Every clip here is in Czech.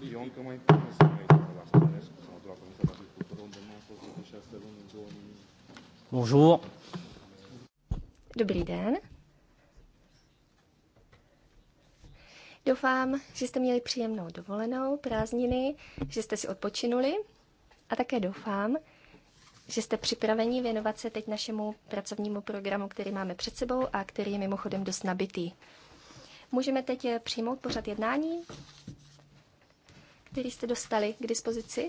Anatolii eu încă mai pun să mai este la Stănescu sau la Comisia de Agricultură, unde nu am fost de 6 luni în 2000. Bonjour. Dobrý den. Doufám, že jste měli příjemnou dovolenou, prázdniny, že jste si odpočinuli a také doufám, že jste připraveni věnovat se teď našemu pracovnímu programu, který máme před sebou a který je mimochodem dost nabitý. Můžeme teď přijmout pořad jednání? který jste dostali k dispozici.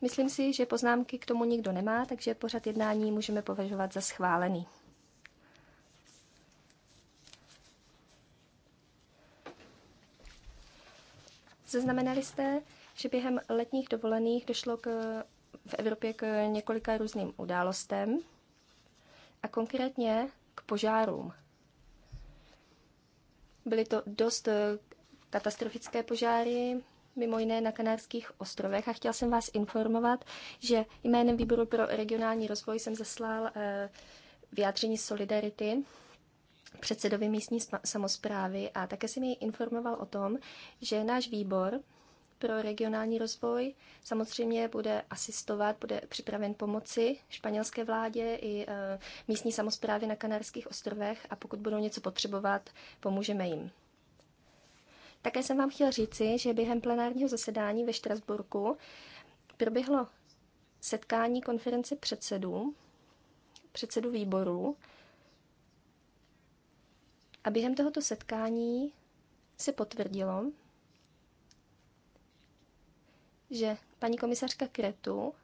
Myslím si, že poznámky k tomu nikdo nemá, takže pořad jednání můžeme považovat za schválený. Zaznamenali jste, že během letních dovolených došlo k, v Evropě k několika různým událostem a konkrétně k požárům. Byly to dost katastrofické požáry, mimo jiné na Kanárských ostrovech. A chtěl jsem vás informovat, že jménem Výboru pro regionální rozvoj jsem zaslal eh, vyjádření solidarity předsedovi místní samozprávy a také jsem jej informoval o tom, že náš výbor pro regionální rozvoj samozřejmě bude asistovat, bude připraven pomoci španělské vládě i eh, místní samozprávy na Kanárských ostrovech a pokud budou něco potřebovat, pomůžeme jim. Také jsem vám chtěl říci, že během plenárního zasedání ve Štrasburku proběhlo setkání konference předsedů, předsedů výborů. A během tohoto setkání se potvrdilo, že paní komisařka Kretu,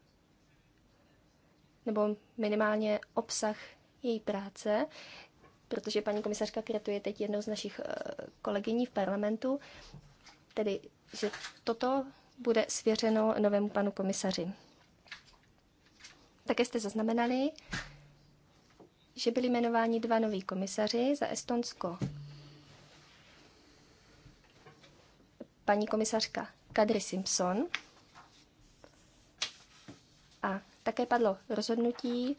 nebo minimálně obsah její práce, protože paní komisařka Kretu je teď jednou z našich eh, kolegyní v parlamentu, tedy, že toto bude svěřeno novému panu komisaři. Také jste zaznamenali, že byli jmenováni dva noví komisaři za Estonsko. Paní komisařka Kadri Simpson a také padlo rozhodnutí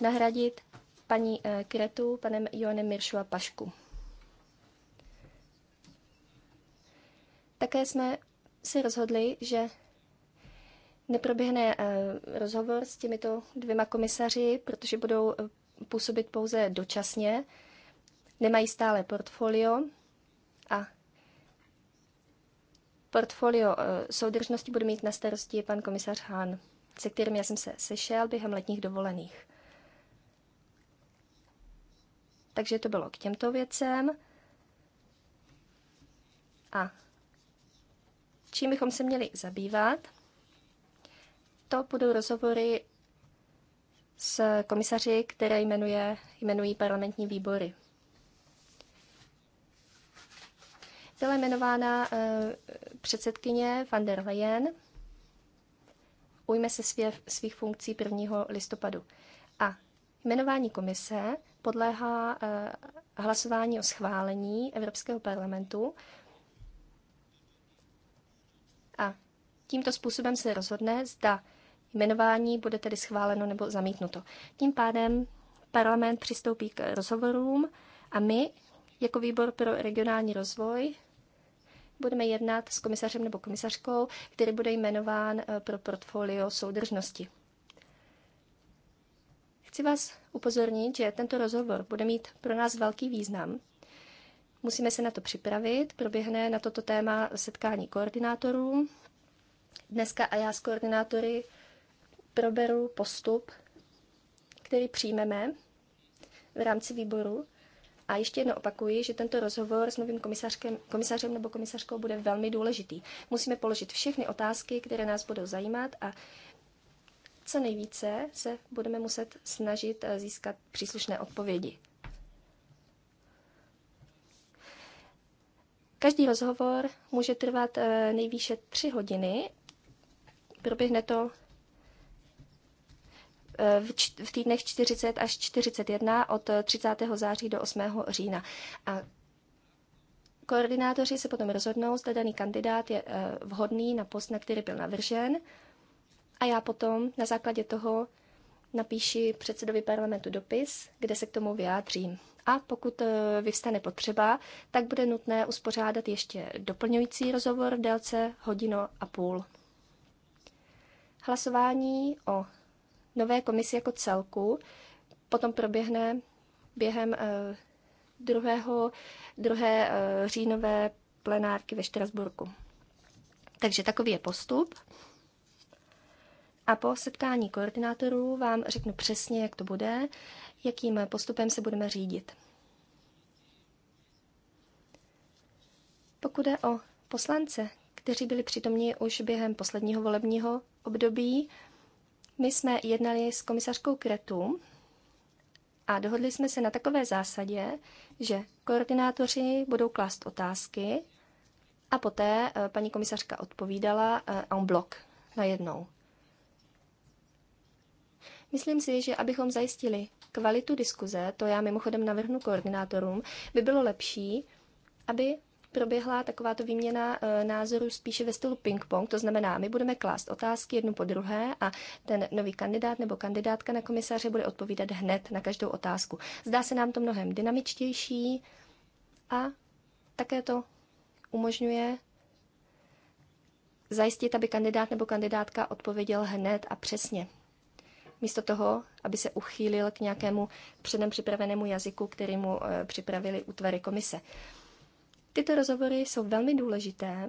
nahradit paní eh, Kretu, panem Joanem Miršu a Pašku. Také jsme si rozhodli, že neproběhne eh, rozhovor s těmito dvěma komisaři, protože budou eh, působit pouze dočasně, nemají stále portfolio a portfolio soudržnosti bude mít na starosti pan komisař Hán, se kterým já jsem se sešel během letních dovolených. Takže to bylo k těmto věcem. A čím bychom se měli zabývat? To budou rozhovory s komisaři, které jmenuje, jmenují parlamentní výbory. Byla jmenována eh, předsedkyně van der Leyen. Ujme se svě, svých funkcí 1. listopadu. A jmenování komise podléhá eh, hlasování o schválení Evropského parlamentu. A tímto způsobem se rozhodne, zda jmenování bude tedy schváleno nebo zamítnuto. Tím pádem parlament přistoupí k rozhovorům a my, jako výbor pro regionální rozvoj, budeme jednat s komisařem nebo komisařkou, který bude jmenován eh, pro portfolio soudržnosti. Chci vás upozornit, že tento rozhovor bude mít pro nás velký význam. Musíme se na to připravit. Proběhne na toto téma setkání koordinátorů. Dneska a já s koordinátory proberu postup, který přijmeme v rámci výboru. A ještě jedno opakuji, že tento rozhovor s novým komisařem nebo komisařkou bude velmi důležitý. Musíme položit všechny otázky, které nás budou zajímat a co nejvíce se budeme muset snažit eh, získat příslušné odpovědi. Každý rozhovor může trvat eh, nejvýše tři hodiny. Proběhne to eh, v týdnech 40 až 41 od 30. září do 8. října. A koordinátoři se potom rozhodnou, zda daný kandidát je vhodný na post, na který byl navržen a já potom na základě toho napíši předsedovi parlamentu dopis, kde se k tomu vyjádřím. A pokud e, vyvstane potřeba, tak bude nutné uspořádat ještě doplňující rozhovor v délce hodinu a půl. Hlasování o nové komisi jako celku potom proběhne během 2. E, 2. E, říjnové plenárky ve Štrasburku. Takže takový je postup. A po setkání koordinátorů vám řeknu přesně, jak to bude, jakým postupem se budeme řídit. Pokud je o poslance, kteří byli přítomní už během posledního volebního období, my jsme jednali s komisařkou Kretu a dohodli jsme se na takové zásadě, že koordinátoři budou klást otázky a poté eh, paní komisařka odpovídala eh, en bloc najednou. Myslím si, že abychom zajistili kvalitu diskuze, to já mimochodem navrhnu koordinátorům, by bylo lepší, aby proběhla takováto výměna e, názorů spíše ve stylu ping-pong, to znamená, my budeme klást otázky jednu po druhé a ten nový kandidát nebo kandidátka na komisaře bude odpovídat hned na každou otázku. Zdá se nám to mnohem dynamičtější a také to umožňuje zajistit, aby kandidát nebo kandidátka odpověděl hned a přesně místo toho, aby se uchýlil k nějakému předem připravenému jazyku, který mu eh, připravili útvary komise. Tyto rozhovory jsou velmi důležité,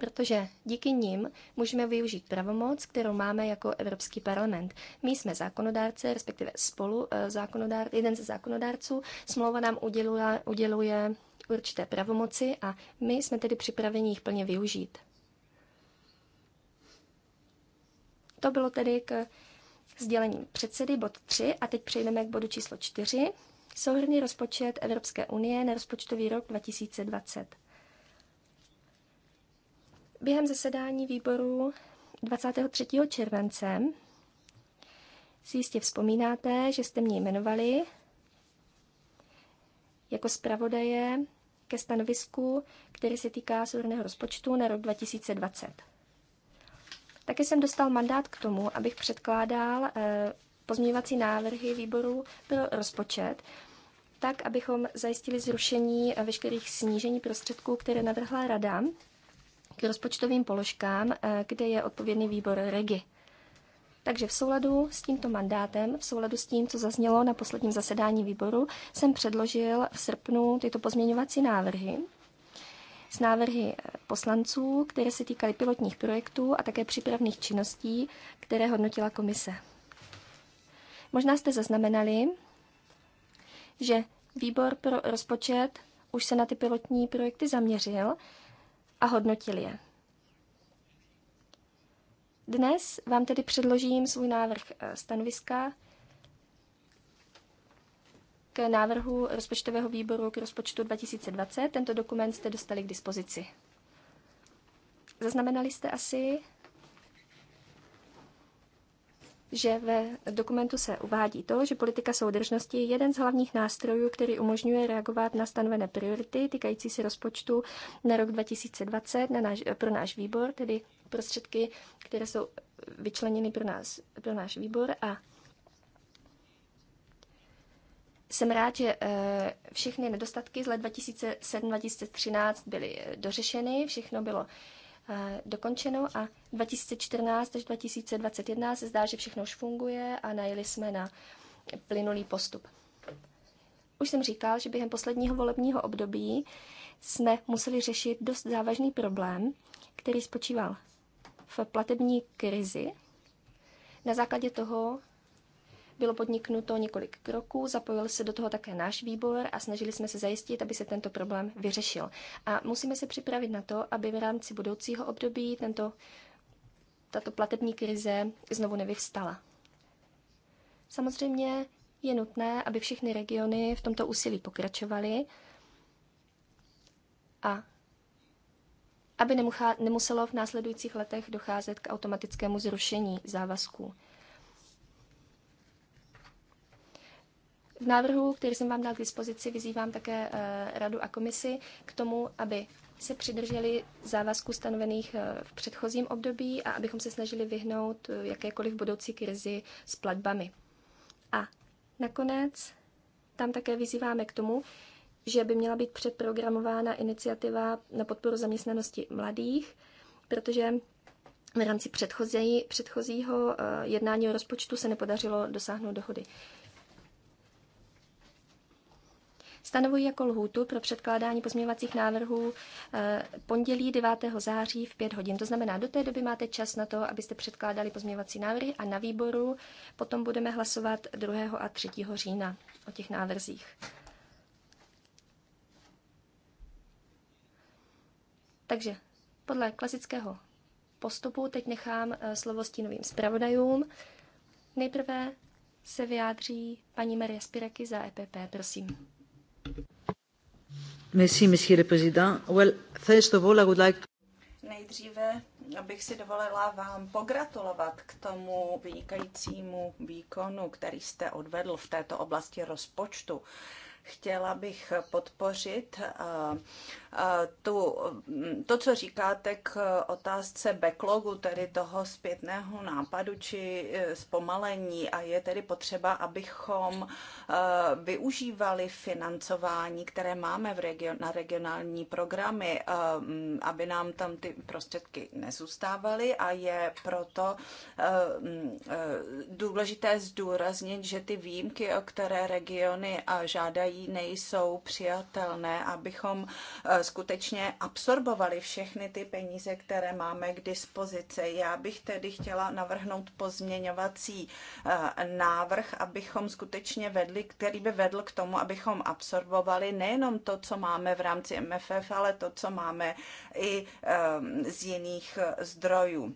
protože díky nim můžeme využít pravomoc, kterou máme jako Evropský parlament. My jsme zákonodárce, respektive spolu eh, zákonodár, jeden ze zákonodárců. Smlouva nám uděluje, uděluje určité pravomoci a my jsme tedy připraveni jich plně využít. To bylo tedy k sdělení předsedy bod 3 a teď přejdeme k bodu číslo 4. Souhrný rozpočet Evropské unie na rozpočtový rok 2020. Během zasedání výboru 23. července si jistě vzpomínáte, že jste mě jmenovali jako zpravodaje ke stanovisku, který se týká souhrného rozpočtu na rok 2020. Taky jsem dostal mandát k tomu, abych předkládal eh, pozměňovací návrhy výboru pro rozpočet, tak, abychom zajistili zrušení veškerých snížení prostředků, které navrhla Rada k rozpočtovým položkám, eh, kde je odpovědný výbor REGI. Takže v souladu s tímto mandátem, v souladu s tím, co zaznělo na posledním zasedání výboru, jsem předložil v srpnu tyto pozměňovací návrhy s návrhy eh, poslanců, které se týkaly pilotních projektů a také přípravných činností, které hodnotila komise. Možná jste zaznamenali, že výbor pro rozpočet už se na ty pilotní projekty zaměřil a hodnotil je. Dnes vám tedy předložím svůj návrh eh, stanoviska k návrhu rozpočtového výboru k rozpočtu 2020. Tento dokument jste dostali k dispozici. Zaznamenali jste asi, že ve dokumentu se uvádí to, že politika soudržnosti je jeden z hlavních nástrojů, který umožňuje reagovat na stanovené priority týkající se rozpočtu na rok 2020 na náš, pro náš výbor, tedy prostředky, které jsou vyčleněny pro, nás, pro náš výbor a jsem rád, že eh, všechny nedostatky z let 2007-2013 byly eh, dořešeny, všechno bylo eh, dokončeno a 2014 až 2021 se zdá, že všechno už funguje a najeli jsme na plynulý postup. Už jsem říkal, že během posledního volebního období jsme museli řešit dost závažný problém, který spočíval v platební krizi. Na základě toho, bylo podniknuto několik kroků, zapojil se do toho také náš výbor a snažili jsme se zajistit, aby se tento problém vyřešil. A musíme se připravit na to, aby v rámci budoucího období tento, tato platební krize znovu nevyvstala. Samozřejmě je nutné, aby všechny regiony v tomto úsilí pokračovaly a aby nemuselo v následujících letech docházet k automatickému zrušení závazků. V návrhu, který jsem vám dal k dispozici, vyzývám také eh, radu a komisi k tomu, aby se přidrželi závazků stanovených eh, v předchozím období a abychom se snažili vyhnout eh, jakékoliv budoucí krizi s platbami. A nakonec tam také vyzýváme k tomu, že by měla být předprogramována iniciativa na podporu zaměstnanosti mladých, protože v rámci předchozí, předchozího jednání o rozpočtu se nepodařilo dosáhnout dohody. Stanovuji jako lhůtu pro předkládání pozměňovacích návrhů eh, pondělí 9. září v 5 hodin. To znamená, do té doby máte čas na to, abyste předkládali pozměňovací návrhy a na výboru potom budeme hlasovat 2. a 3. října o těch návrzích. Takže podle klasického postupu teď nechám eh, slovo stínovým zpravodajům. Nejprve se vyjádří paní Maria Spireky za EPP, prosím. Nejdříve abych si dovolila vám pogratulovat k tomu vynikajícímu výkonu, který jste odvedl v této oblasti rozpočtu. Chtěla bych podpořit eh, eh, tu, mm, to, co říkáte k otázce backlogu, tedy toho zpětného nápadu či eh, zpomalení a je tedy potřeba, abychom využívali financování, které máme v region, na regionální programy, mm, aby nám tam ty prostředky nezůstávaly a je proto mm, důležité zdůraznit, že ty výjimky, o které regiony žádají, nejsou přijatelné, abychom eh, skutečně absorbovali všechny ty peníze, které máme k dispozici. Já bych tedy chtěla navrhnout pozměňovací eh, návrh, abychom skutečně vedli, který by vedl k tomu, abychom absorbovali nejenom to, co máme v rámci MFF, ale to, co máme i eh, z jiných zdrojů.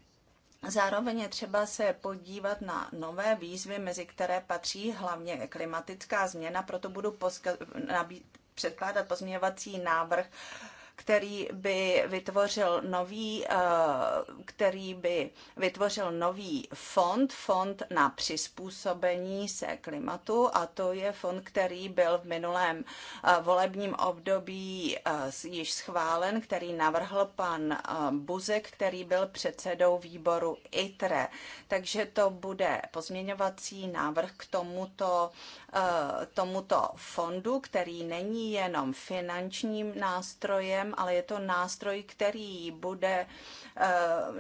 Zároveň je třeba se podívat na nové výzvy, mezi které patří hlavně klimatická změna, proto budu předkládat pozměňovací návrh který by vytvořil nový, eh, který by vytvořil nový fond, fond na přizpůsobení se klimatu a to je fond, který byl v minulém eh, volebním období eh, již schválen, který navrhl pan Buzek, který byl předsedou výboru ITRE. Takže to bude pozměňovací návrh k tomuto, tomuto fondu, který není jenom finančním nástrojem, ale je to nástroj, který bude eh,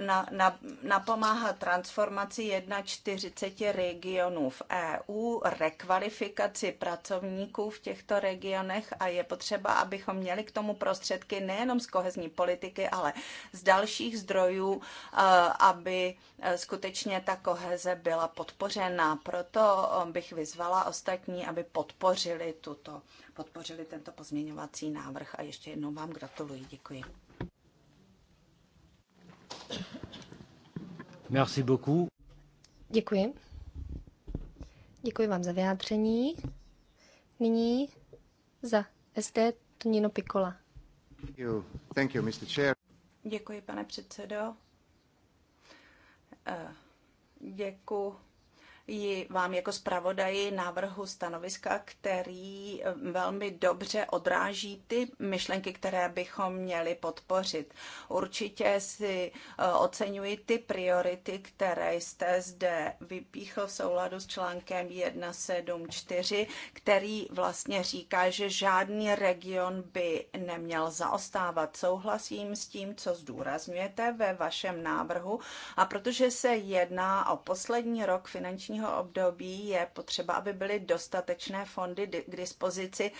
na, na, napomáhat transformaci 41 regionů v EU, rekvalifikaci pracovníků v těchto regionech a je potřeba, abychom měli k tomu prostředky nejenom z kohezní politiky, ale z dalších zdrojů, eh, aby eh, skutečně ta koheze byla podpořena. Proto bych vyzvala ostatní, aby podpořili tuto podpořili tento pozměňovací návrh a ještě jednou vám gratuluji. Děkuji. Merci beaucoup. Děkuji. Děkuji vám za vyjádření. Nyní za SD Tonino Pikola. Thank you. Thank you, Mr. Chair. Děkuji, pane předsedo. Eh, děkuji ji vám jako zpravodaji návrhu stanoviska, který eh, velmi dobře odráží ty myšlenky, které bychom měli podpořit. Určitě si eh, oceňuji ty priority, které jste zde vypíchl v souladu s článkem 174, který vlastně říká, že žádný region by neměl zaostávat. Souhlasím s tím, co zdůrazňujete ve vašem návrhu a protože se jedná o poslední rok finanční finančního období je potřeba, aby byly dostatečné fondy k dispozici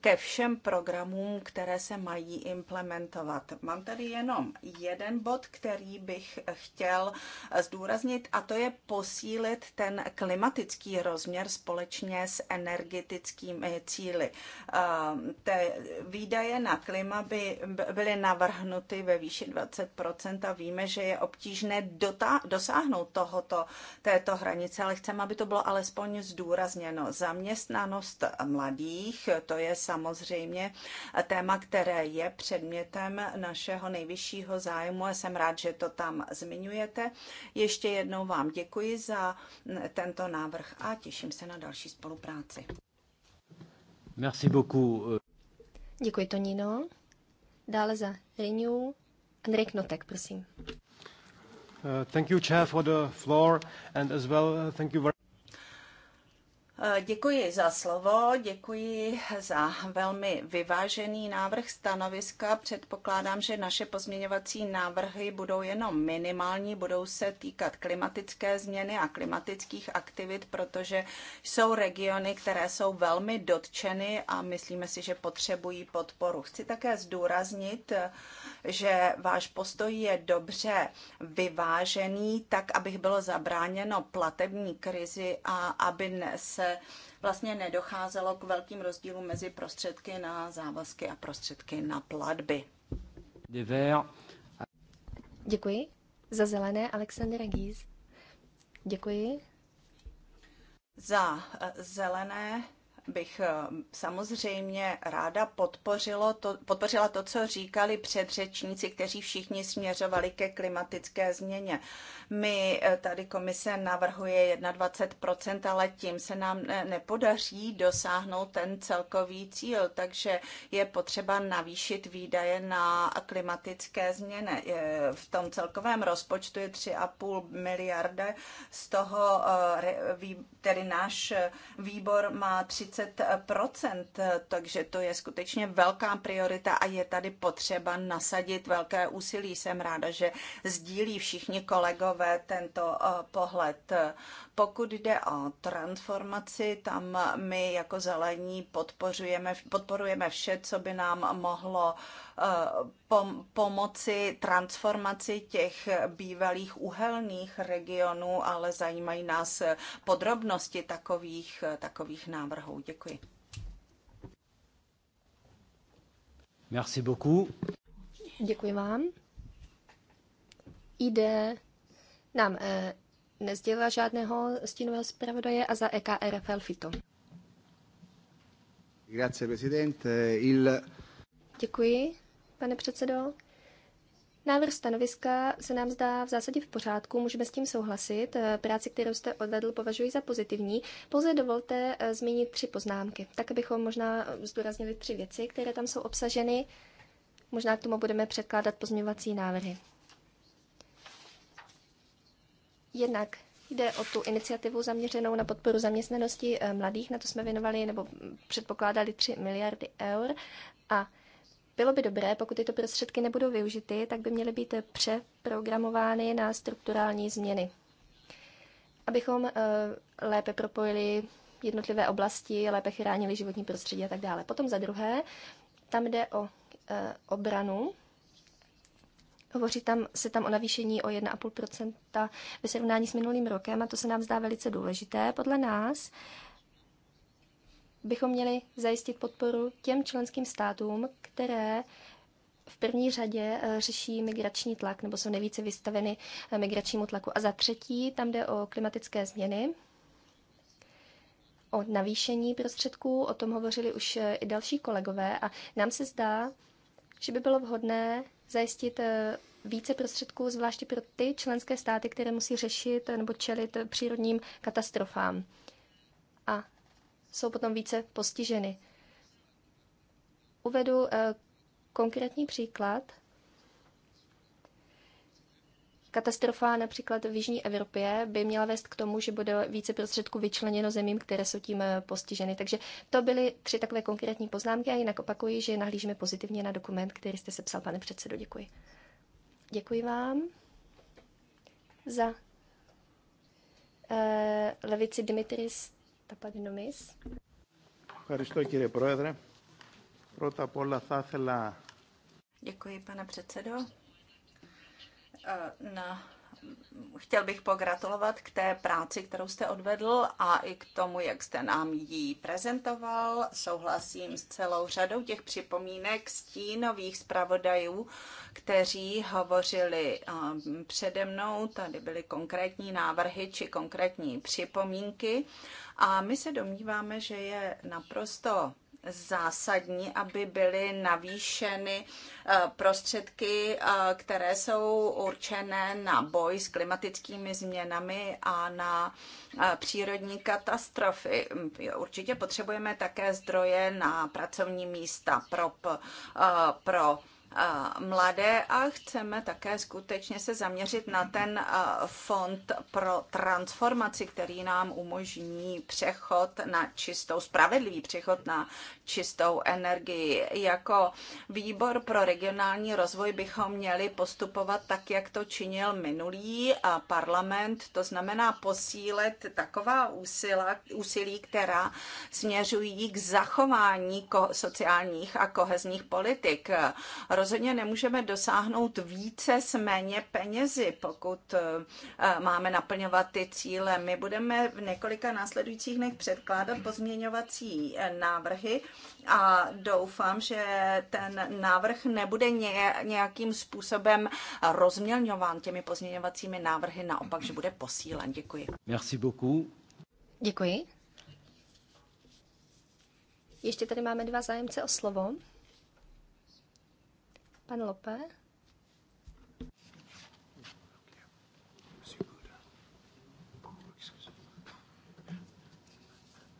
ke všem programům, které se mají implementovat. Mám tady jenom jeden bod, který bych chtěl zdůraznit, a to je posílit ten klimatický rozměr společně s energetickými cíly. Ehm, te výdaje na klima by byly navrhnuty ve výši 20 a víme, že je obtížné dosáhnout tohoto, této hranice, ale chceme, aby to bylo alespoň zdůrazněno. Zaměstnanost mladých, to je samozřejmě téma, které je předmětem našeho nejvyššího zájmu a jsem rád, že to tam zmiňujete. Ještě jednou vám děkuji za tento návrh a těším se na další spolupráci. Merci beaucoup. Děkuji, Tonino. Dále za Renew Andrej Knotek, prosím. Děkuji za slovo, děkuji za velmi vyvážený návrh stanoviska. Předpokládám, že naše pozměňovací návrhy budou jenom minimální, budou se týkat klimatické změny a klimatických aktivit, protože jsou regiony, které jsou velmi dotčeny a myslíme si, že potřebují podporu. Chci také zdůraznit, že váš postoj je dobře vyvážený, tak abych bylo zabráněno platební krizi a aby se vlastně nedocházelo k velkým rozdílům mezi prostředky na závazky a prostředky na platby. Děkuji. Za zelené Alexandra Gies. Děkuji. Za eh, zelené bych eh, samozřejmě ráda podpořilo to, podpořila to, co říkali předřečníci, kteří všichni směřovali ke klimatické změně. My eh, tady komise navrhuje 21%, ale tím se nám eh, nepodaří dosáhnout ten celkový cíl, takže je potřeba navýšit výdaje na klimatické změny. V tom celkovém rozpočtu je 3,5 miliardy, z toho tedy náš výbor má 30 40 takže to je skutečně velká priorita a je tady potřeba nasadit velké úsilí. Jsem ráda, že sdílí všichni kolegové tento eh, pohled. Pokud jde o transformaci, tam my jako zelení podporujeme, podporujeme vše, co by nám mohlo eh, pomoci transformaci těch bývalých uhelných regionů, ale zajímají nás podrobnosti takových, takových návrhů. Děkuji. Merci beaucoup. Děkuji vám. Jde nám eh, nezdělila žádného stínového zpravodaje a za EKR Felfito. Grazie, presidente. Il... Děkuji, pane předsedo. Návrh stanoviska se nám zdá v zásadě v pořádku, můžeme s tím souhlasit. Práci, kterou jste odvedl, považuji za pozitivní. Pouze dovolte eh, zmínit tři poznámky, tak abychom možná zdůraznili tři věci, které tam jsou obsaženy. Možná k tomu budeme předkládat pozměňovací návrhy. Jednak jde o tu iniciativu zaměřenou na podporu zaměstnanosti eh, mladých, na to jsme věnovali nebo předpokládali 3 miliardy eur a bylo by dobré, pokud tyto prostředky nebudou využity, tak by měly být přeprogramovány na strukturální změny. Abychom eh, lépe propojili jednotlivé oblasti, lépe chránili životní prostředí a tak dále. Potom za druhé, tam jde o eh, obranu Hovoří tam, se tam o navýšení o 1,5 ve srovnání s minulým rokem a to se nám zdá velice důležité. Podle nás bychom měli zajistit podporu těm členským státům, které v první řadě eh, řeší migrační tlak nebo jsou nejvíce vystaveny eh, migračnímu tlaku. A za třetí, tam jde o klimatické změny, o navýšení prostředků, o tom hovořili už eh, i další kolegové a nám se zdá, že by bylo vhodné zajistit eh, více prostředků, zvláště pro ty členské státy, které musí řešit eh, nebo čelit eh, přírodním katastrofám a jsou potom více postiženy. Uvedu konkrétní příklad. Katastrofa například v Jižní Evropě by měla vést k tomu, že bude více prostředků vyčleněno zemím, které jsou tím eh, postiženy. Takže to byly tři takové konkrétní poznámky a jinak opakuji, že nahlížíme pozitivně na dokument, který jste sepsal, pane předsedo. Děkuji. Děkuji vám za eh, levici Dimitris Tapadinomis. Děkuji, pane předsedo. Eh, na chtěl bych pogratulovat k té práci, kterou jste odvedl a i k tomu, jak jste nám ji prezentoval. Souhlasím s celou řadou těch připomínek stínových zpravodajů, kteří hovořili eh, přede mnou. Tady byly konkrétní návrhy či konkrétní připomínky. A my se domníváme, že je naprosto zásadní, aby byly navýšeny eh, prostředky, eh, které jsou určené na boj s klimatickými změnami a na eh, přírodní katastrofy. Určitě potřebujeme také zdroje na pracovní místa pro, pro mladé a chceme také skutečně se zaměřit na ten fond pro transformaci, který nám umožní přechod na čistou, spravedlivý přechod na čistou energii. Jako výbor pro regionální rozvoj bychom měli postupovat tak, jak to činil minulý parlament, to znamená posílet taková úsila, úsilí, která směřují k zachování sociálních a kohezních politik rozhodně nemůžeme dosáhnout více s méně penězi, pokud eh, máme naplňovat ty cíle. My budeme v několika následujících dnech předkládat pozměňovací eh, návrhy a doufám, že ten návrh nebude nějakým způsobem rozmělňován těmi pozměňovacími návrhy, naopak, že bude posílen. Děkuji. Merci beaucoup. Děkuji. Ještě tady máme dva zájemce o slovo. Pan Lope?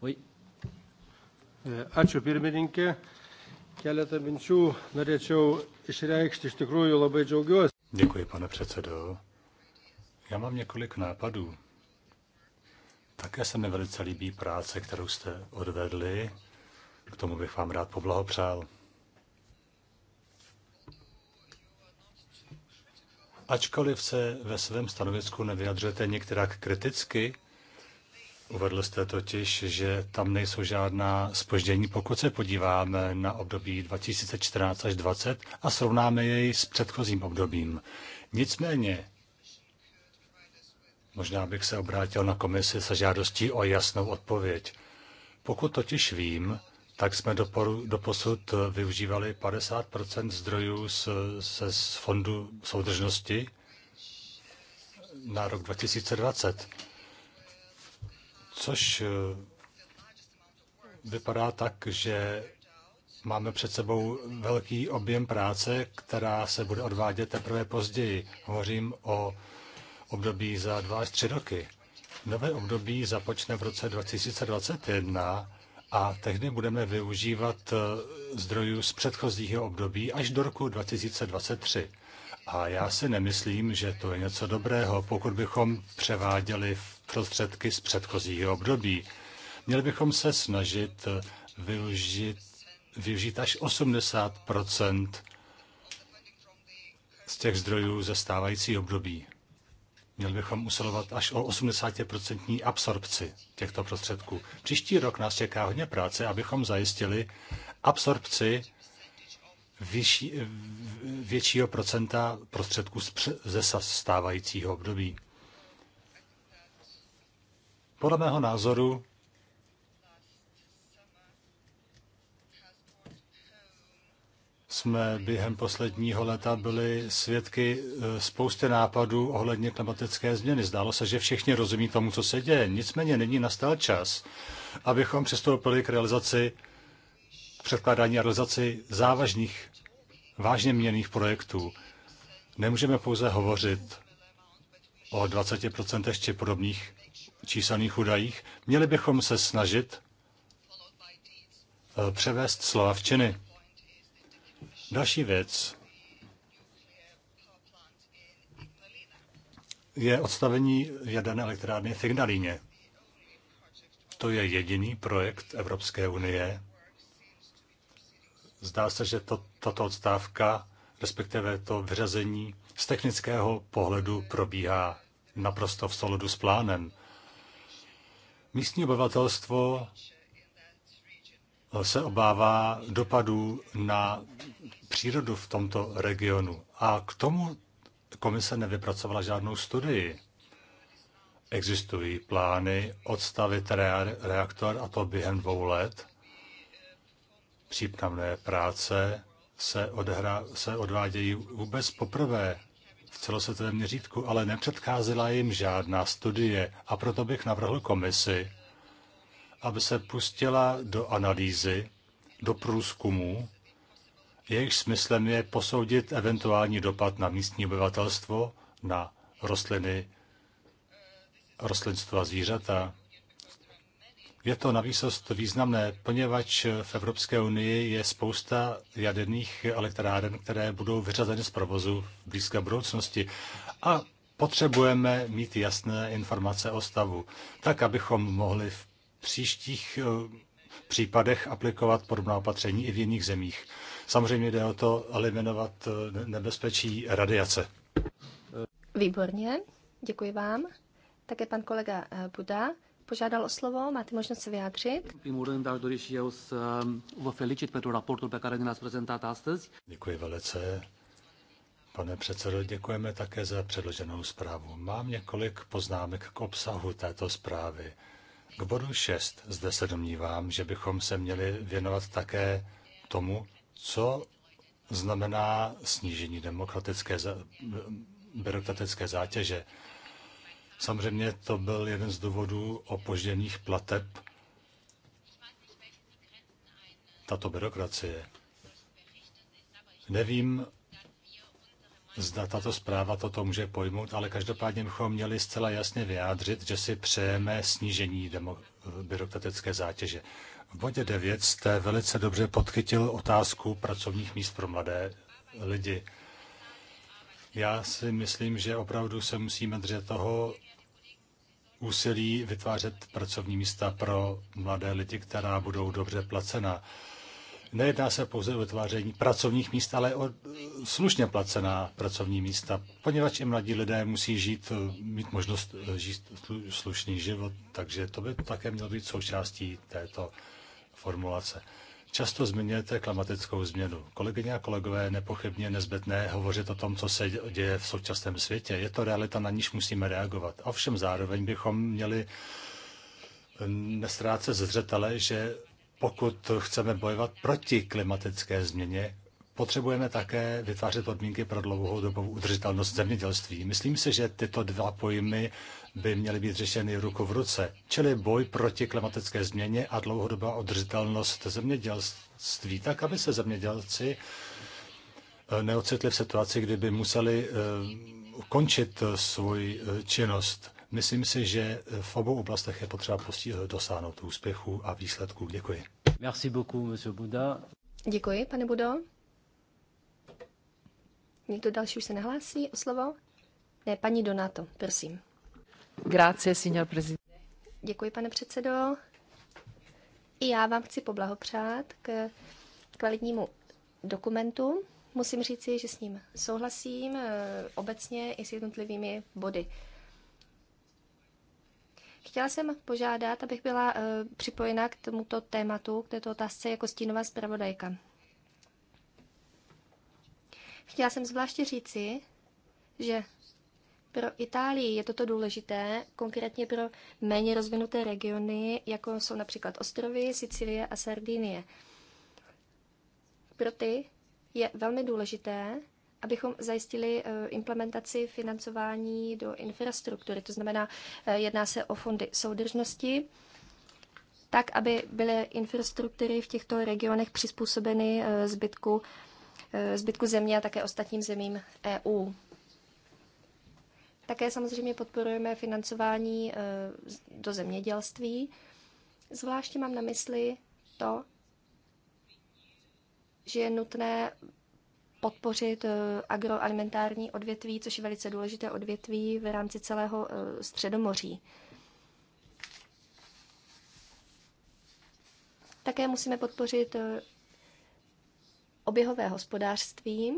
Oi. Eh, ačiū pirmininkė. Keletą minčių norėčiau išreikšti. Iš tikrųjų labai džiaugiuosi. Děkuji, pane předsedo. Já mám několik nápadů. Také se mi velice líbí práce, kterou jste odvedli. K tomu bych vám rád poblahopřál. Ačkoliv se ve svém stanovisku nevyjadřujete některak kriticky, uvedl jste totiž, že tam nejsou žádná spoždění, pokud se podíváme na období 2014 až 2020 a srovnáme jej s předchozím obdobím. Nicméně, možná bych se obrátil na komisi se žádostí o jasnou odpověď. Pokud totiž vím, tak jsme do doposud eh, využívali 50 zdrojů z, se z fondu soudržnosti na rok 2020, což eh, vypadá tak, že máme před sebou velký objem práce, která se bude odvádět teprve později. Hovořím o období za dva až tři roky. Nové období započne v roce 2021 a tehdy budeme využívat eh, zdrojů z předchozího období až do roku 2023. A já si nemyslím, že to je něco dobrého, pokud bychom převáděli prostředky z předchozího období. Měli bychom se snažit eh, využít, využít až 80 z těch zdrojů ze stávající období. Měli bychom usilovat až o 80% absorpci těchto prostředků. Příští rok nás čeká hodně práce, abychom zajistili absorpci vyšší, většího procenta prostředků ze stávajícího období. Podle mého názoru jsme během posledního leta byli svědky e, spousty nápadů ohledně klimatické změny. Zdálo se, že všichni rozumí tomu, co se děje. Nicméně nyní nastal čas, abychom přistoupili k realizaci předkládání a realizaci závažných, vážně měných projektů. Nemůžeme pouze hovořit o 20% či podobných číselných údajích. Měli bychom se snažit e, převést slova v činy. Další věc je odstavení jaderné elektrárny v Ignalíně. To je jediný projekt Evropské unie. Zdá se, že to, tato odstávka, respektive to vyřazení z technického pohledu probíhá naprosto v souladu s plánem. Místní obyvatelstvo se obává dopadů na přírodu v tomto regionu. A k tomu komise nevypracovala žádnou studii. Existují plány odstavit reaktor, a to během dvou let. Přípravné práce se, odhra, se odvádějí vůbec poprvé v celosvětovém měřítku, ale nepředcházela jim žádná studie a proto bych navrhl komisi, aby se pustila do analýzy, do průzkumu jejich smyslem je posoudit eventuální dopad na místní obyvatelstvo, na rostliny, rostlinstvo a zvířata. Je to navýsost významné, poněvadž v Evropské unii je spousta jaderných elektráren, které budou vyřazeny z provozu v blízké budoucnosti. A potřebujeme mít jasné informace o stavu, tak abychom mohli v příštích eh, případech aplikovat podobná opatření i v jiných zemích. Samozřejmě jde o to eliminovat eh, nebezpečí radiace. Výborně, děkuji vám. Také pan kolega eh, Buda požádal o slovo, máte možnost se vyjádřit. Um, děkuji velice. Pane předsedo, děkujeme také za předloženou zprávu. Mám několik poznámek k obsahu této zprávy. K bodu 6 zde se domnívám, že bychom se měli věnovat také tomu, co znamená snížení demokratické byrokratické zátěže. Samozřejmě to byl jeden z důvodů opožděných plateb tato byrokracie. Nevím, zda tato zpráva toto může pojmout, ale každopádně bychom měli zcela jasně vyjádřit, že si přejeme snížení byrokratické zátěže. V bodě 9 jste velice dobře podchytil otázku pracovních míst pro mladé lidi. Já si myslím, že opravdu se musíme držet toho úsilí vytvářet pracovní místa pro mladé lidi, která budou dobře placena. Nejedná se pouze o vytváření pracovních míst, ale o slušně placená pracovní místa, poněvadž i mladí lidé musí žít, mít možnost žít slušný život, takže to by také mělo být součástí této formulace. Často zmiňujete klimatickou změnu. Kolegyně a kolegové, nepochybně nezbytné hovořit o tom, co se děje v současném světě. Je to realita, na níž musíme reagovat. Ovšem zároveň bychom měli eh, se zřetele, že pokud chceme bojovat proti klimatické změně, potřebujeme také vytvářet podmínky pro dlouhodobou udržitelnost zemědělství. Myslím si, že tyto dva pojmy by měly být řešeny ruku v ruce, čili boj proti klimatické změně a dlouhodobá udržitelnost zemědělství, tak aby se zemědělci eh, neocitli v situaci, kdyby museli eh, končit eh, svoji činnost. Myslím si, že v obou oblastech je potřeba dosáhnout úspěchu a výsledků. Děkuji. Merci beaucoup, Děkuji, pane Budo. Někdo další už se nehlásí o slovo? Ne, paní Donato, prosím. Grazie, signor prezident. Děkuji, pane předsedo. I já vám chci poblahopřát k kvalitnímu dokumentu. Musím říci, že s ním souhlasím eh, obecně i s jednotlivými body. Chtěla jsem požádat, abych byla eh, připojena k tomuto tématu, k této otázce jako stínová zpravodajka. Chtěla jsem zvláště říci, že pro Itálii je toto důležité, konkrétně pro méně rozvinuté regiony, jako jsou například ostrovy, Sicílie a Sardinie. Pro ty je velmi důležité, abychom zajistili eh, implementaci financování do infrastruktury. To znamená, eh, jedná se o fondy soudržnosti, tak, aby byly infrastruktury v těchto regionech přizpůsobeny eh, zbytku Eh, zbytku země a také ostatním zemím EU. Také samozřejmě podporujeme financování eh, do zemědělství. Zvláště mám na mysli to, že je nutné podpořit eh, agroalimentární odvětví, což je velice důležité odvětví v rámci celého středomoří. Také musíme podpořit oběhové hospodářství,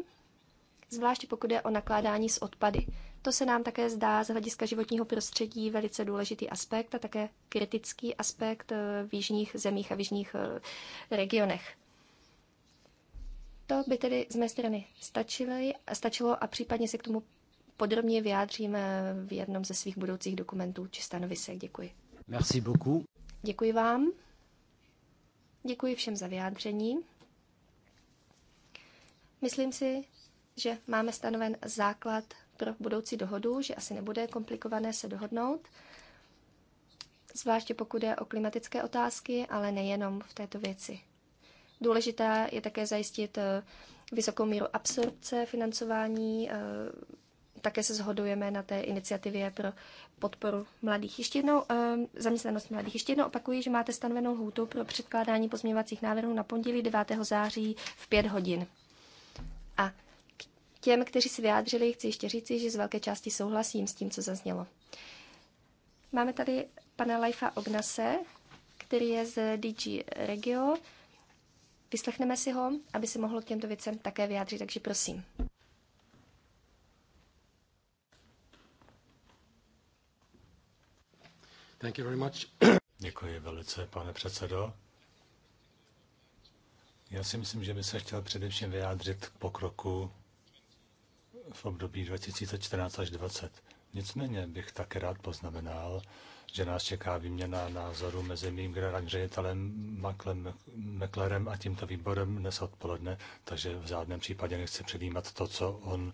zvláště pokud je o nakládání s odpady. To se nám také zdá z hlediska životního prostředí velice důležitý aspekt a také kritický aspekt eh, v jižních zemích a v jižních eh, regionech. To by tedy z mé strany stačilo, a případně se k tomu podrobně vyjádříme v jednom ze svých budoucích dokumentů či stanovisek. Děkuji. Merci beaucoup. Děkuji vám. Děkuji všem za vyjádření. Myslím si, že máme stanoven základ pro budoucí dohodu, že asi nebude komplikované se dohodnout, zvláště pokud je o klimatické otázky, ale nejenom v této věci. Důležité je také zajistit eh, vysokou míru absorpce financování. Eh, také se shodujeme na té iniciativě pro podporu mladých. Ještě jednou, eh, zaměstnanost mladých. Ještě jednou opakuji, že máte stanovenou lhůtu pro předkládání pozměňovacích návrhů na pondělí 9. září v 5 hodin. Těm, kteří se vyjádřili, chci ještě říci, že z velké části souhlasím s tím, co zaznělo. Máme tady pana Lajfa Ognase, který je z DG Regio. Vyslechneme si ho, aby se mohl k těmto věcem také vyjádřit, takže prosím. Thank you very much. Děkuji velice, pane předsedo. Já si myslím, že by se chtěl především vyjádřit k pokroku v období 2014 až 2020. Nicméně bych také rád poznamenal, že nás čeká výměna názoru mezi mým generálním ředitelem Maklem Meklerem a tímto výborem dnes odpoledne, takže v žádném případě nechci předjímat to, co on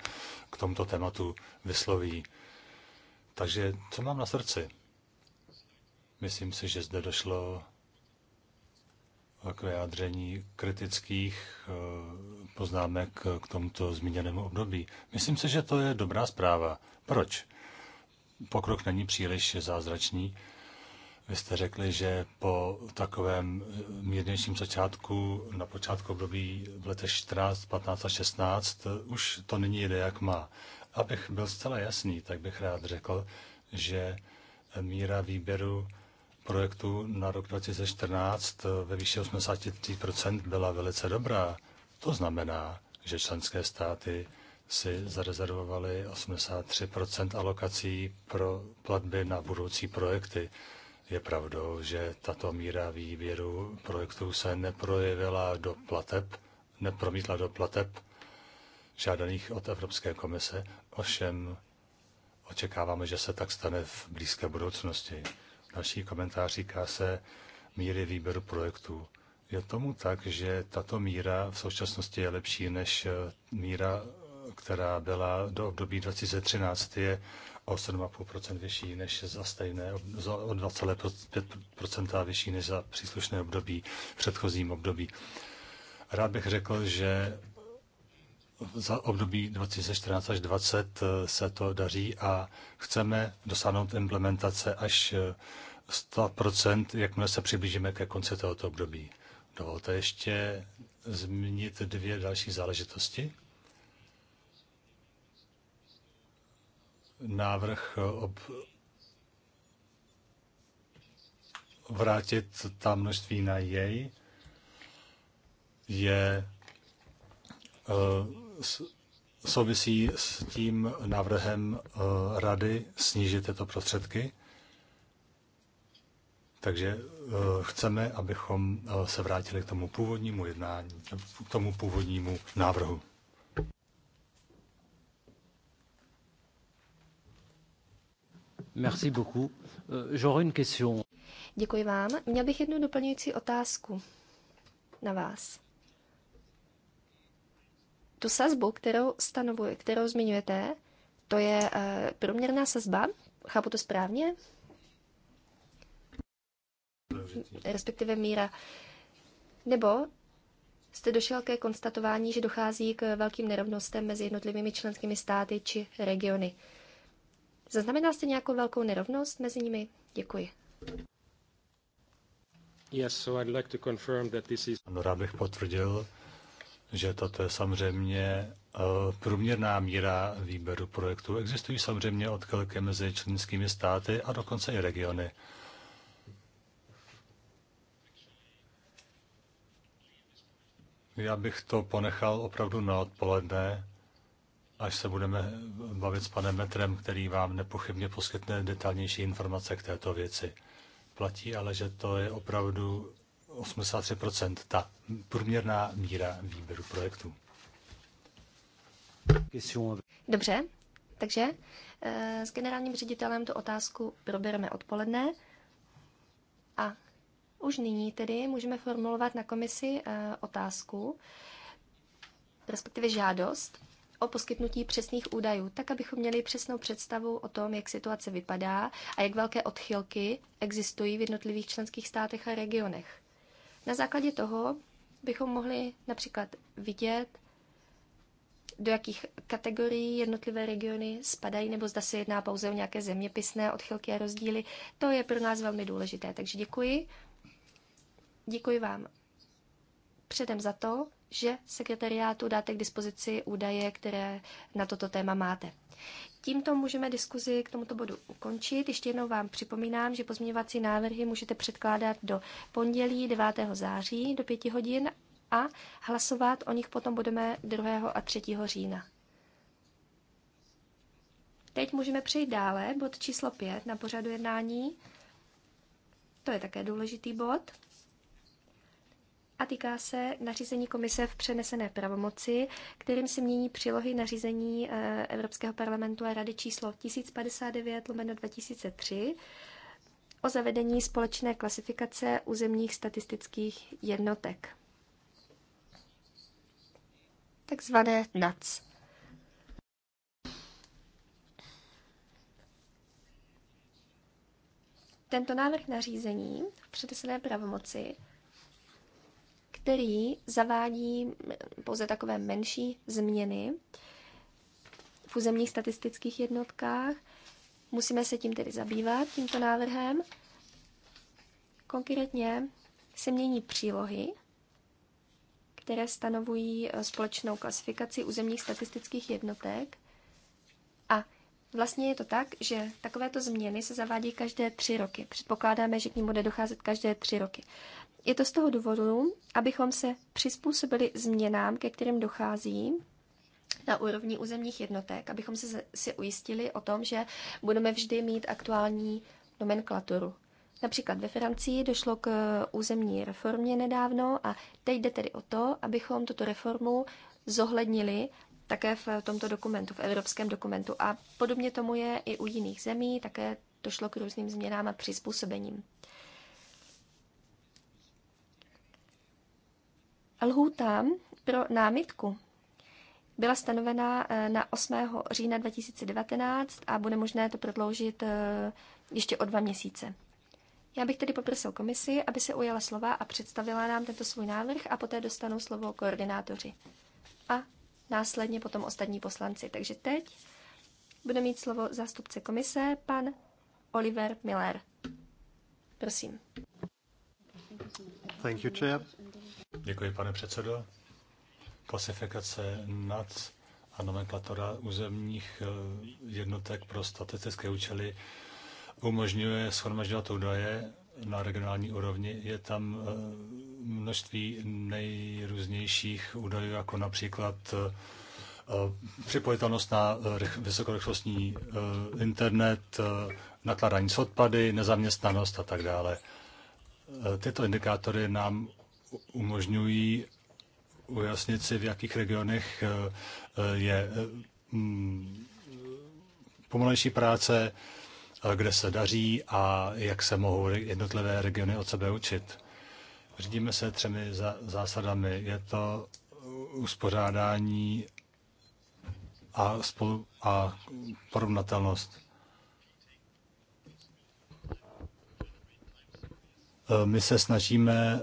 k tomuto tématu vysloví. Takže co mám na srdci? Myslím si, že zde došlo k vyjádření kritických eh, poznámek k tomuto zmíněnému období. Myslím si, že to je dobrá zpráva. Proč? Pokrok není příliš zázračný. Vy jste řekli, že po takovém eh, mírnějším začátku, na počátku období v letech 14, 15 a 16, eh, už to není jde, jak má. Abych byl zcela jasný, tak bych rád řekl, že míra výběru Projektu na rok 2014 eh, ve výši 83% byla velice dobrá. To znamená, že členské státy si zarezervovaly 83% alokací pro platby na budoucí projekty. Je pravdou, že tato míra výběru projektů se neprojevila do plateb, nepromítla do plateb žádaných od Evropské komise, ovšem očekáváme, že se tak stane v blízké budoucnosti. Další komentář říká se míry výběru projektů. Je tomu tak, že tato míra v současnosti je lepší než eh, míra, která byla do období 2013, je o 7,5 vyšší než za stejné, o 2,5 vyšší než za příslušné období, v předchozím období. Rád bych řekl, že za období 2014 až 2020 eh, se to daří a chceme dosáhnout implementace až eh, 100%, jakmile se přiblížíme ke konci tohoto období. Dovolte ještě zmínit dvě další záležitosti. Návrh ob... vrátit ta množství na jej je eh, souvisí s tím návrhem eh, rady snížit tyto prostředky. Takže eh, chceme, abychom eh, se vrátili k tomu původnímu jednání, k tomu původnímu návrhu. Merci beaucoup. Eh, j'aurais une question. Děkuji vám. Měl bych jednu doplňující otázku na vás. Tu sazbu, kterou stanovuje, kterou zmiňujete, to je průměrná sazba, chápu to správně? respektive míra. Nebo jste došel ke konstatování, že dochází k velkým nerovnostem mezi jednotlivými členskými státy či regiony. Zaznamenal jste nějakou velkou nerovnost mezi nimi? Děkuji. Ano, rád bych potvrdil, že toto je samozřejmě eh, průměrná míra výběru projektů. Existují samozřejmě odkelky mezi členskými státy a dokonce i regiony. Já bych to ponechal opravdu na odpoledne, až se budeme bavit s panem Metrem, který vám nepochybně poskytne detailnější informace k této věci. Platí ale, že to je opravdu 83%, ta průměrná míra výběru projektů. Dobře, takže eh, s generálním ředitelem tu otázku probereme odpoledne a už nyní tedy můžeme formulovat na komisi eh, otázku, respektive žádost o poskytnutí přesných údajů, tak abychom měli přesnou představu o tom, jak situace vypadá a jak velké odchylky existují v jednotlivých členských státech a regionech. Na základě toho bychom mohli například vidět, do jakých kategorií jednotlivé regiony spadají, nebo zda se jedná pouze o nějaké zeměpisné odchylky a rozdíly. To je pro nás velmi důležité, takže děkuji. Děkuji vám předem za to, že sekretariátu dáte k dispozici údaje, které na toto téma máte. Tímto můžeme diskuzi k tomuto bodu ukončit. Ještě jednou vám připomínám, že pozměňovací návrhy můžete předkládat do pondělí 9. září do 5 hodin a hlasovat o nich potom budeme 2. a 3. října. Teď můžeme přejít dále, bod číslo 5 na pořadu jednání. To je také důležitý bod a týká se nařízení komise v přenesené pravomoci, kterým se mění přílohy nařízení eh, Evropského parlamentu a rady číslo 1059 lomeno 2003 o zavedení společné klasifikace územních statistických jednotek, takzvané NAC. Tento návrh nařízení v přenesené pravomoci který zavádí pouze takové menší změny v územních statistických jednotkách. Musíme se tím tedy zabývat, tímto návrhem. Konkrétně se mění přílohy, které stanovují eh, společnou klasifikaci územních statistických jednotek. A Vlastně je to tak, že takovéto změny se zavádí každé tři roky. Předpokládáme, že k ním bude docházet každé tři roky. Je to z toho důvodu, abychom se přizpůsobili změnám, ke kterým dochází na úrovni územních jednotek, abychom se si ujistili o tom, že budeme vždy mít aktuální nomenklaturu. Například ve Francii došlo k eh, územní reformě nedávno a teď jde tedy o to, abychom tuto reformu zohlednili také v tomto dokumentu, v evropském dokumentu. A podobně tomu je i u jiných zemí, také došlo k různým změnám a přizpůsobením. Lhůta pro námitku byla stanovena eh, na 8. října 2019 a bude možné to prodloužit eh, ještě o dva měsíce. Já bych tedy poprosil komisi, aby se ujala slova a představila nám tento svůj návrh a poté dostanou slovo koordinátoři a následně potom ostatní poslanci. Takže teď bude mít slovo zástupce komise, pan Oliver Miller. Prosím. Thank you, Chair. Děkuji, pane předsedo. Klasifikace NAC a nomenklatura územních eh, jednotek pro statistické účely umožňuje schromažďovat údaje na regionální úrovni. Je tam eh, množství nejrůznějších údajů, jako například eh, připojitelnost na vysokorychlostní internet, nakládání s odpady, nezaměstnanost a tak dále. Tyto indikátory nám umožňují ujasnit si, v jakých regionech eh, eh, je eh, mm, pomalejší práce, kde se daří a jak se mohou jednotlivé regiony od sebe učit. Řídíme se třemi zásadami. Je to uspořádání a, spolu, a porovnatelnost. My se snažíme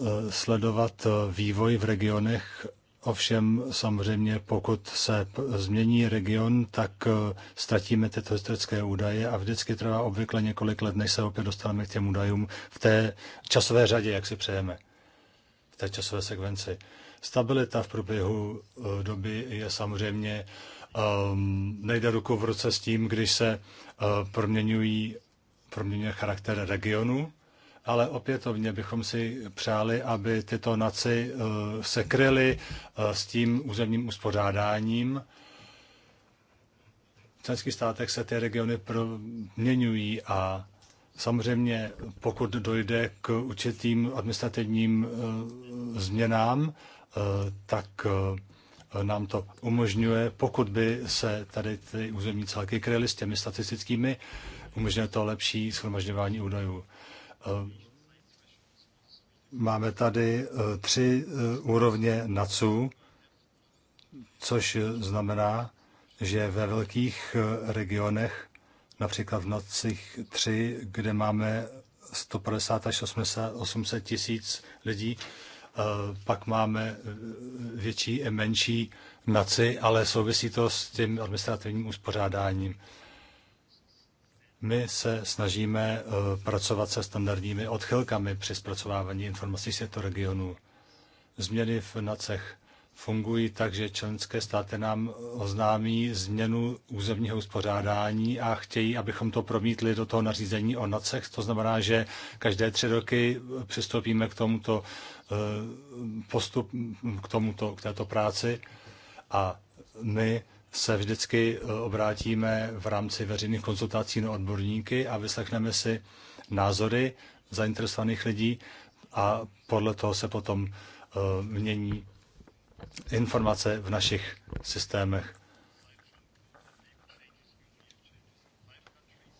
Eh, sledovat eh, vývoj v regionech, ovšem samozřejmě pokud se změní region, tak eh, ztratíme tyto historické údaje a vždycky trvá obvykle několik let, než se opět dostaneme k těm údajům v té časové řadě, jak si přejeme, v té časové sekvenci. Stabilita v průběhu doby je samozřejmě um, nejde ruku v ruce s tím, když se uh, proměňují, proměňuje charakter regionu, ale opětovně bychom si přáli, aby tyto naci eh, se kryly eh, s tím územním uspořádáním. V členských státech se ty regiony proměňují a samozřejmě pokud dojde k určitým administrativním eh, změnám, tak nám to umožňuje, pokud by se tady ty územní celky kryly s těmi statistickými, umožňuje to lepší schromažďování údajů. Ehm, máme tady eh, tři eh, úrovně NACU, což znamená, že ve velkých eh, regionech, například v nocích 3, kde máme 150 až 800 tisíc lidí, pak máme větší a menší naci, ale souvisí to s tím administrativním uspořádáním. My se snažíme eh, pracovat se standardními odchylkami při zpracovávání informací z těchto regionů. Změny v NACech fungují tak, že členské státy nám oznámí změnu územního uspořádání a chtějí, abychom to promítli do toho nařízení o NACech. To znamená, že každé tři roky přistoupíme k tomuto eh, postup, k, tomuto, k této práci a my se vždycky eh, obrátíme v rámci veřejných konzultací na odborníky a vyslechneme si názory zainteresovaných lidí a podle toho se potom eh, mění informace v našich systémech.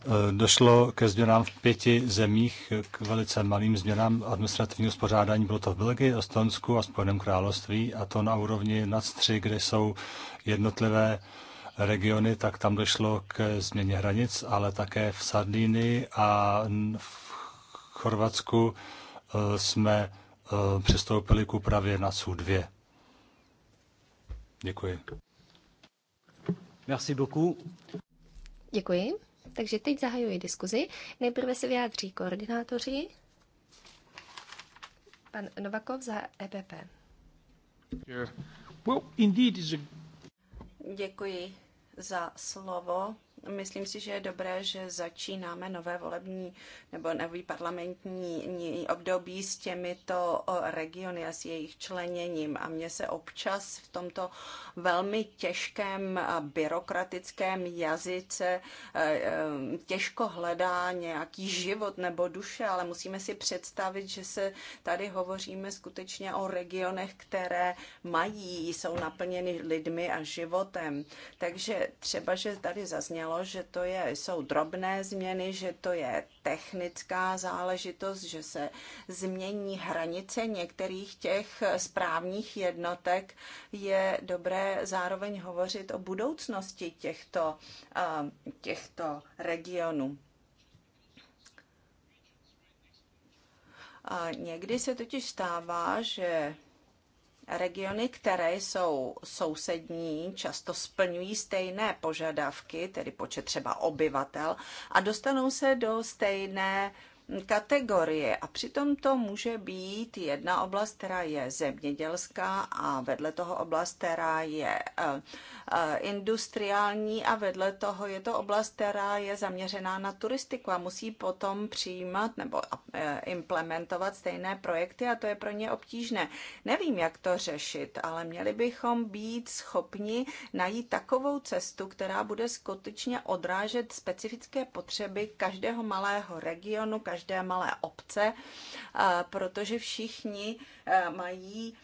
Eh, došlo ke změnám v pěti zemích, k velice malým změnám administrativního spořádání. Bylo to v Belgii, Estonsku a Spojeném království, a to na úrovni nad tři, kde jsou jednotlivé regiony, tak tam došlo k změně hranic, ale také v Sardínii a v Chorvatsku eh, jsme eh, přistoupili k úpravě su 2. Děkuji. Merci beaucoup. Děkuji. Takže teď zahajuji diskuzi. Nejprve se vyjádří koordinátoři. Pan Novakov za EPP. Děkuji za slovo. Myslím si, že je dobré, že začínáme nové volební nebo nový parlamentní období s těmito regiony a s jejich členěním. A mně se občas v tomto velmi těžkém byrokratickém jazyce e, e, těžko hledá nějaký život nebo duše, ale musíme si představit, že se tady hovoříme skutečně o regionech, které mají, jsou naplněny lidmi a životem. Takže třeba, že tady zaznělo, zdálo, že to je, jsou drobné změny, že to je technická záležitost, že se změní hranice některých těch správních jednotek, je dobré zároveň hovořit o budoucnosti těchto, eh, těchto regionů. A někdy se totiž stává, že Regiony, které jsou sousední, často splňují stejné požadavky, tedy počet třeba obyvatel, a dostanou se do stejné kategorie a přitom to může být jedna oblast, která je zemědělská a vedle toho oblast, která je eh, eh, industriální a vedle toho je to oblast, která je zaměřená na turistiku a musí potom přijímat nebo eh, implementovat stejné projekty a to je pro ně obtížné. Nevím, jak to řešit, ale měli bychom být schopni najít takovou cestu, která bude skutečně odrážet specifické potřeby každého malého regionu, každé malé obce, protože všichni mají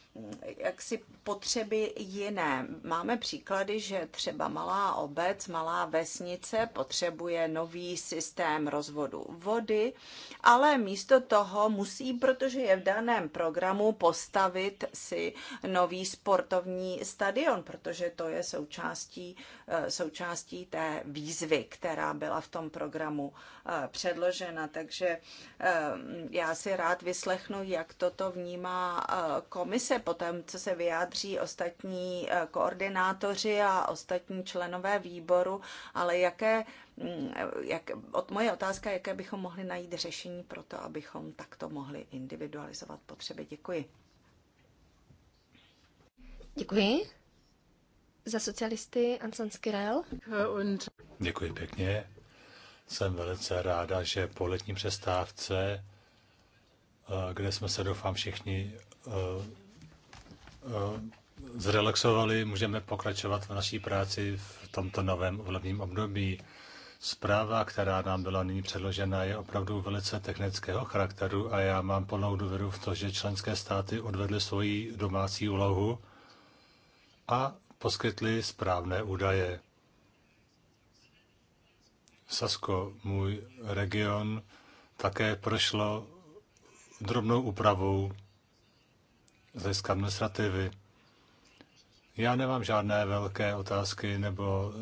jaksi potřeby jiné. Máme příklady, že třeba malá obec, malá vesnice potřebuje nový systém rozvodu vody, ale místo toho musí, protože je v daném programu, postavit si nový sportovní stadion, protože to je součástí, eh, součástí té výzvy, která byla v tom programu eh, předložena. Takže eh, já si rád vyslechnu, jak toto vnímá komise, potom co se vyjádří ostatní eh, koordinátoři a ostatní členové výboru, ale jaké, mm, jak, od, moje otázka, jaké bychom mohli najít řešení pro to, abychom takto mohli individualizovat potřeby. Děkuji. Děkuji. Za socialisty Anson Skirel. Děkuji pěkně. Jsem velice ráda, že po letní přestávce eh, kde jsme se doufám všichni eh, Eh, zrelaxovali, můžeme pokračovat v naší práci v tomto novém volebním období. Zpráva, která nám byla nyní předložena, je opravdu velice technického charakteru a já mám plnou důvěru v to, že členské státy odvedly svoji domácí úlohu a poskytly správné údaje. Sasko, můj region, také prošlo drobnou úpravou z hlediska administrativy. Já nemám žádné velké otázky nebo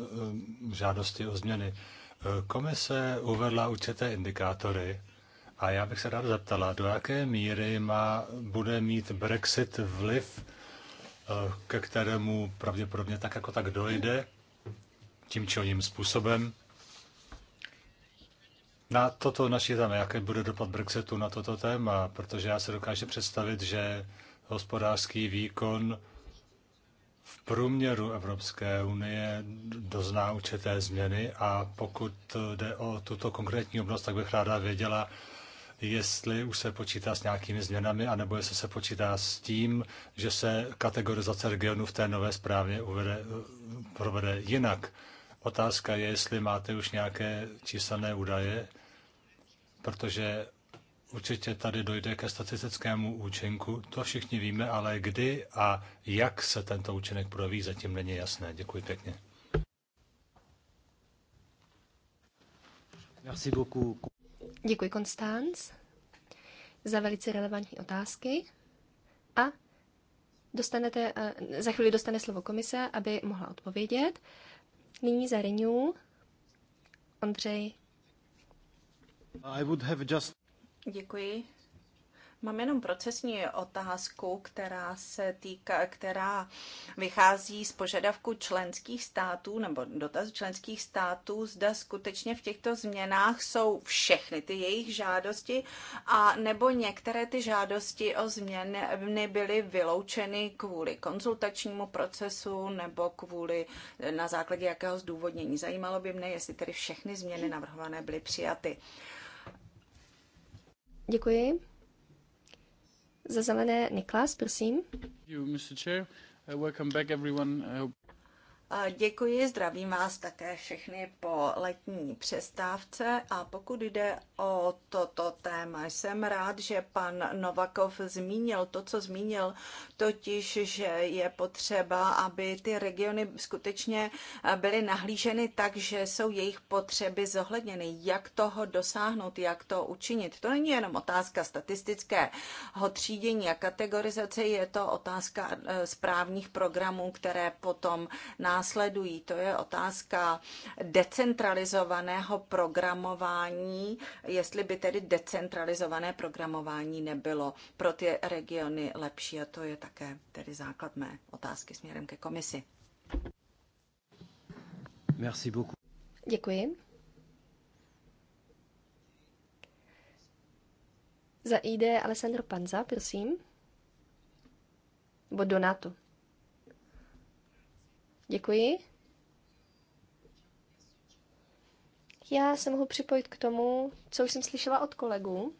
eh, žádosti o změny. Eh, komise uvedla určité indikátory a já bych se rád zeptala, do jaké míry má, bude mít Brexit vliv, eh, ke kterému pravděpodobně tak jako tak dojde, tím či oním způsobem. Na toto naši tam, jaké bude dopad Brexitu na toto téma, protože já se dokážu představit, že hospodářský výkon v průměru Evropské unie dozná určité změny a pokud jde o tuto konkrétní oblast, tak bych ráda věděla, jestli už se počítá s nějakými změnami, anebo jestli se počítá s tím, že se kategorizace regionu v té nové správě uvede, provede jinak. Otázka je, jestli máte už nějaké číselné údaje, protože Určitě tady dojde ke statistickému účinku, to všichni víme, ale kdy a jak se tento účinek projeví, zatím není jasné. Děkuji pěkně. Merci beaucoup. Děkuji, Konstanc, za velice relevantní otázky a dostanete, eh, za chvíli dostane slovo komise, aby mohla odpovědět. Nyní za Renew Ondřej. I would have just Děkuji. Mám jenom procesní otázku, která se týká, která vychází z požadavku členských států nebo dotaz členských států, zda skutečně v těchto změnách jsou všechny ty jejich žádosti a nebo některé ty žádosti o změny byly vyloučeny kvůli konzultačnímu procesu nebo kvůli na základě jakého zdůvodnění. Zajímalo by mne, jestli tedy všechny změny navrhované byly přijaty. Děkuji. Za zelené Niklas, prosím. Děkuji, zdravím vás také všechny po letní přestávce a pokud jde o toto téma, jsem rád, že pan Novakov zmínil to, co zmínil, totiž, že je potřeba, aby ty regiony skutečně byly nahlíženy tak, že jsou jejich potřeby zohledněny. Jak toho dosáhnout, jak to učinit? To není jenom otázka statistického třídění a kategorizace, je to otázka eh, správních programů, které potom nás následují. To je otázka decentralizovaného programování, jestli by tedy decentralizované programování nebylo pro ty regiony lepší. A to je také tedy základ mé otázky směrem ke komisi. Merci beaucoup. Děkuji. Za ID Alessandro Panza, prosím. Nebo Donato. Děkuji. Já se mohu připojit k tomu, co už jsem slyšela od kolegů,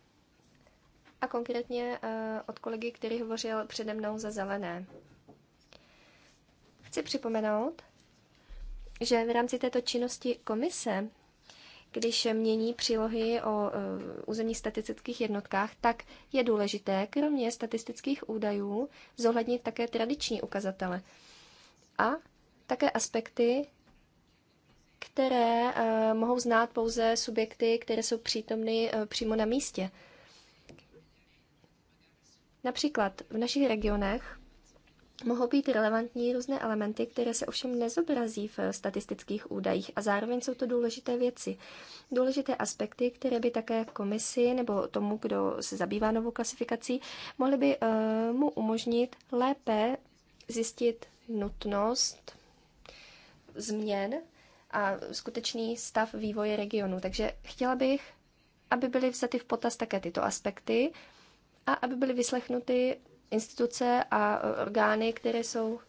a konkrétně eh, od kolegy, který hovořil přede mnou za zelené. Chci připomenout, že v rámci této činnosti komise, když mění přílohy o eh, územních statistických jednotkách, tak je důležité, kromě statistických údajů, zohlednit také tradiční ukazatele. A také aspekty, které eh, mohou znát pouze subjekty, které jsou přítomny eh, přímo na místě. Například v našich regionech mohou být relevantní různé elementy, které se ovšem nezobrazí v statistických údajích a zároveň jsou to důležité věci. Důležité aspekty, které by také komisi nebo tomu, kdo se zabývá novou klasifikací, mohly by eh, mu umožnit lépe zjistit nutnost změn a skutečný stav vývoje regionu. Takže chtěla bych, aby byly vzaty v potaz také tyto aspekty a aby byly vyslechnuty instituce a orgány, které jsou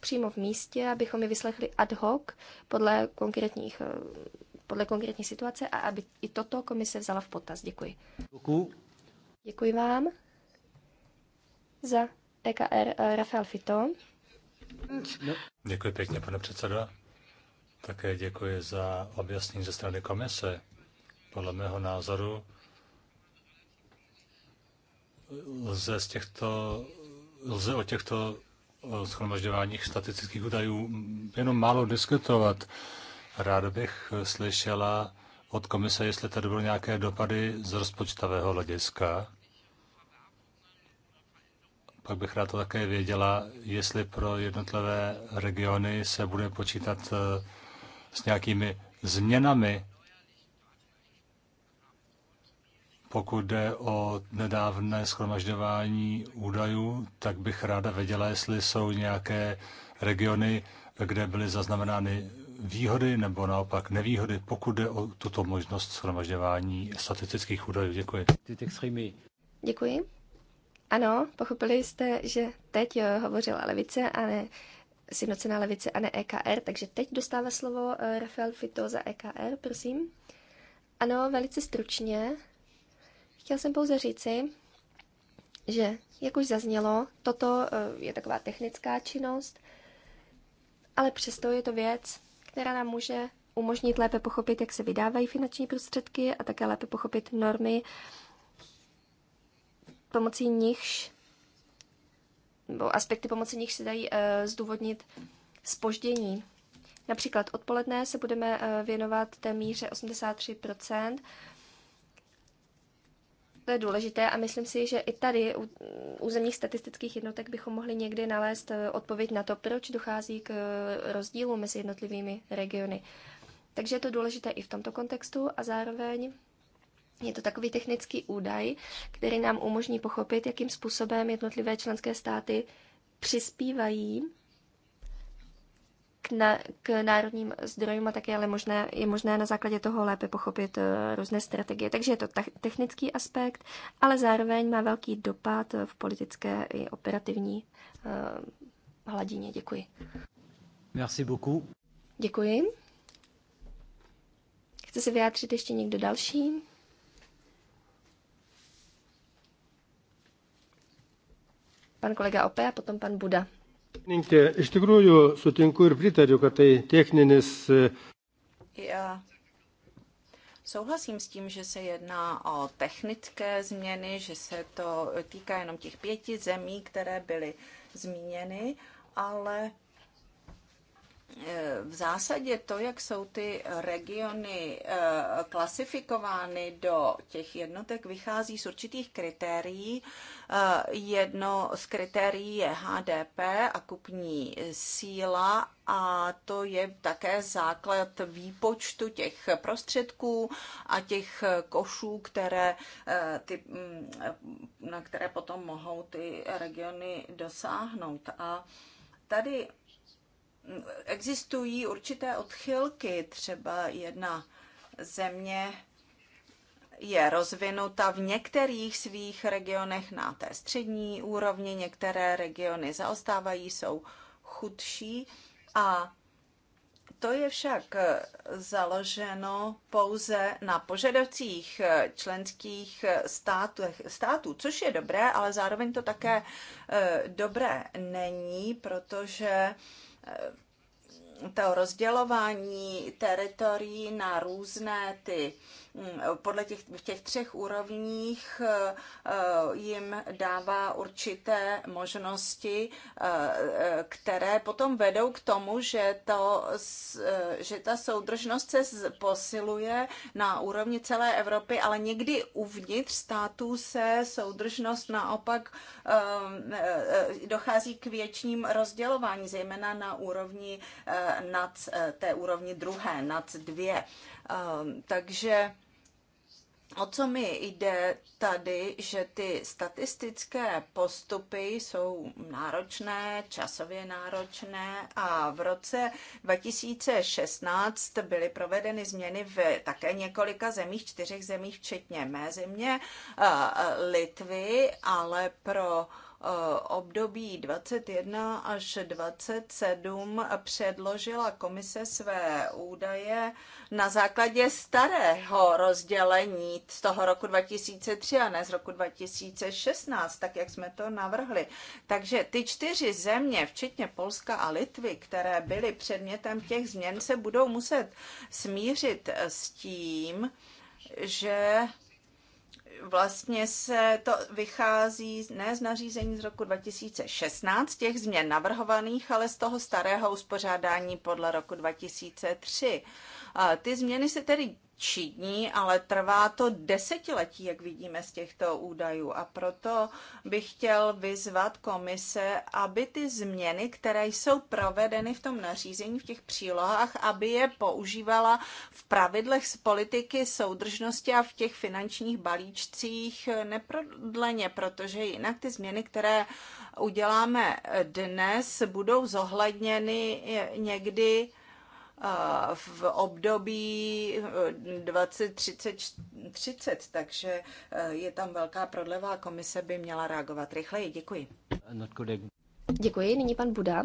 přímo v místě, abychom je vyslechli ad hoc podle konkrétních eh, podle konkrétní situace a aby i toto komise vzala v potaz. Děkuji. Děkuji, Děkuji vám za EKR eh, Rafael Fito. No. Děkuji pěkně, pane předsedo. Také děkuji za objasnění ze strany komise. Podle mého názoru lze, z těchto, lze o těchto schromažďováních statistických údajů jenom málo diskutovat. Rád bych slyšela od komise, jestli tady byly nějaké dopady z rozpočtového hlediska. Pak bych rád to také věděla, jestli pro jednotlivé regiony se bude počítat eh, s nějakými změnami, pokud jde o nedávné schromažďování údajů, tak bych ráda věděla, jestli jsou nějaké regiony, kde byly zaznamenány výhody nebo naopak nevýhody, pokud jde o tuto možnost schromažďování statistických údajů. Děkuji. Děkuji. Ano, pochopili jste, že teď hovořila levice a ne sjednocená levice a ne EKR, takže teď dostává slovo eh, Rafael Fito za EKR, prosím. Ano, velice stručně. Chtěl jsem pouze říci, že, jak už zaznělo, toto eh, je taková technická činnost, ale přesto je to věc, která nám může umožnit lépe pochopit, jak se vydávají finanční prostředky a také lépe pochopit normy, pomocí nichž nebo aspekty pomocí nich se dají eh, zdůvodnit spoždění. Například odpoledne se budeme eh, věnovat té míře 83%. To je důležité a myslím si, že i tady u územních statistických jednotek bychom mohli někdy nalézt eh, odpověď na to, proč dochází k rozdílu mezi jednotlivými regiony. Takže je to důležité i v tomto kontextu a zároveň je to takový technický údaj, který nám umožní pochopit, jakým způsobem jednotlivé členské státy přispívají k, na, k národním zdrojům a také ale možné, je možné na základě toho lépe pochopit eh, různé strategie. Takže je to technický aspekt, ale zároveň má velký dopad v politické i operativní uh, hladině. Děkuji. Merci beaucoup. Děkuji. Chce se vyjádřit ještě někdo další? Pan kolega Ope a potom pan Buda. E, Já souhlasím s tím, že se jedná o technické změny, že se to týká jenom těch pěti zemí, které byly zmíněny, ale E, v zásadě to, jak jsou ty regiony e, klasifikovány do těch jednotek, vychází z určitých kritérií. E, jedno z kritérií je HDP a kupní síla a to je také základ výpočtu těch prostředků a těch košů, které ty, mm, na které potom mohou ty regiony dosáhnout. A tady existují určité odchylky, třeba jedna země je rozvinuta v některých svých regionech na té střední úrovni, některé regiony zaostávají, jsou chudší a to je však založeno pouze na požadavcích členských států, států, což je dobré, ale zároveň to také eh, dobré není, protože to rozdělování teritorií na různé ty Mm, podle těch, těch třech úrovních eh, eh, jim dává určité možnosti, eh, které potom vedou k tomu, že, to, že ta soudržnost se posiluje na úrovni celé Evropy, ale někdy uvnitř států se soudržnost naopak ehm, dochází k větším rozdělování, zejména na úrovni nad té úrovni druhé, nad dvě. Ehm, takže O co mi jde tady, že ty statistické postupy jsou náročné, časově náročné a v roce 2016 byly provedeny změny v také několika zemích, čtyřech zemích, včetně mé země, eh, Litvy, ale pro Eh, období 21 až 27 předložila komise své údaje na základě starého rozdělení z toho roku 2003 a ne z roku 2016, tak jak jsme to navrhli. Takže ty čtyři země, včetně Polska a Litvy, které byly předmětem těch změn, se budou muset smířit s tím, že vlastně se to vychází ne z nařízení z roku 2016, těch změn navrhovaných, ale z toho starého uspořádání podle roku 2003. Ty změny se tedy činí, ale trvá to desetiletí, jak vidíme z těchto údajů. A proto bych chtěl vyzvat komise, aby ty změny, které jsou provedeny v tom nařízení, v těch přílohách, aby je používala v pravidlech z politiky soudržnosti a v těch finančních balíčcích neprodleně, protože jinak ty změny, které uděláme dnes, budou zohledněny někdy v období 20, eh, 30, takže eh, je tam velká prodleva a komise by měla reagovat rychleji. Děkuji. Děkuji. Nyní pan Buda.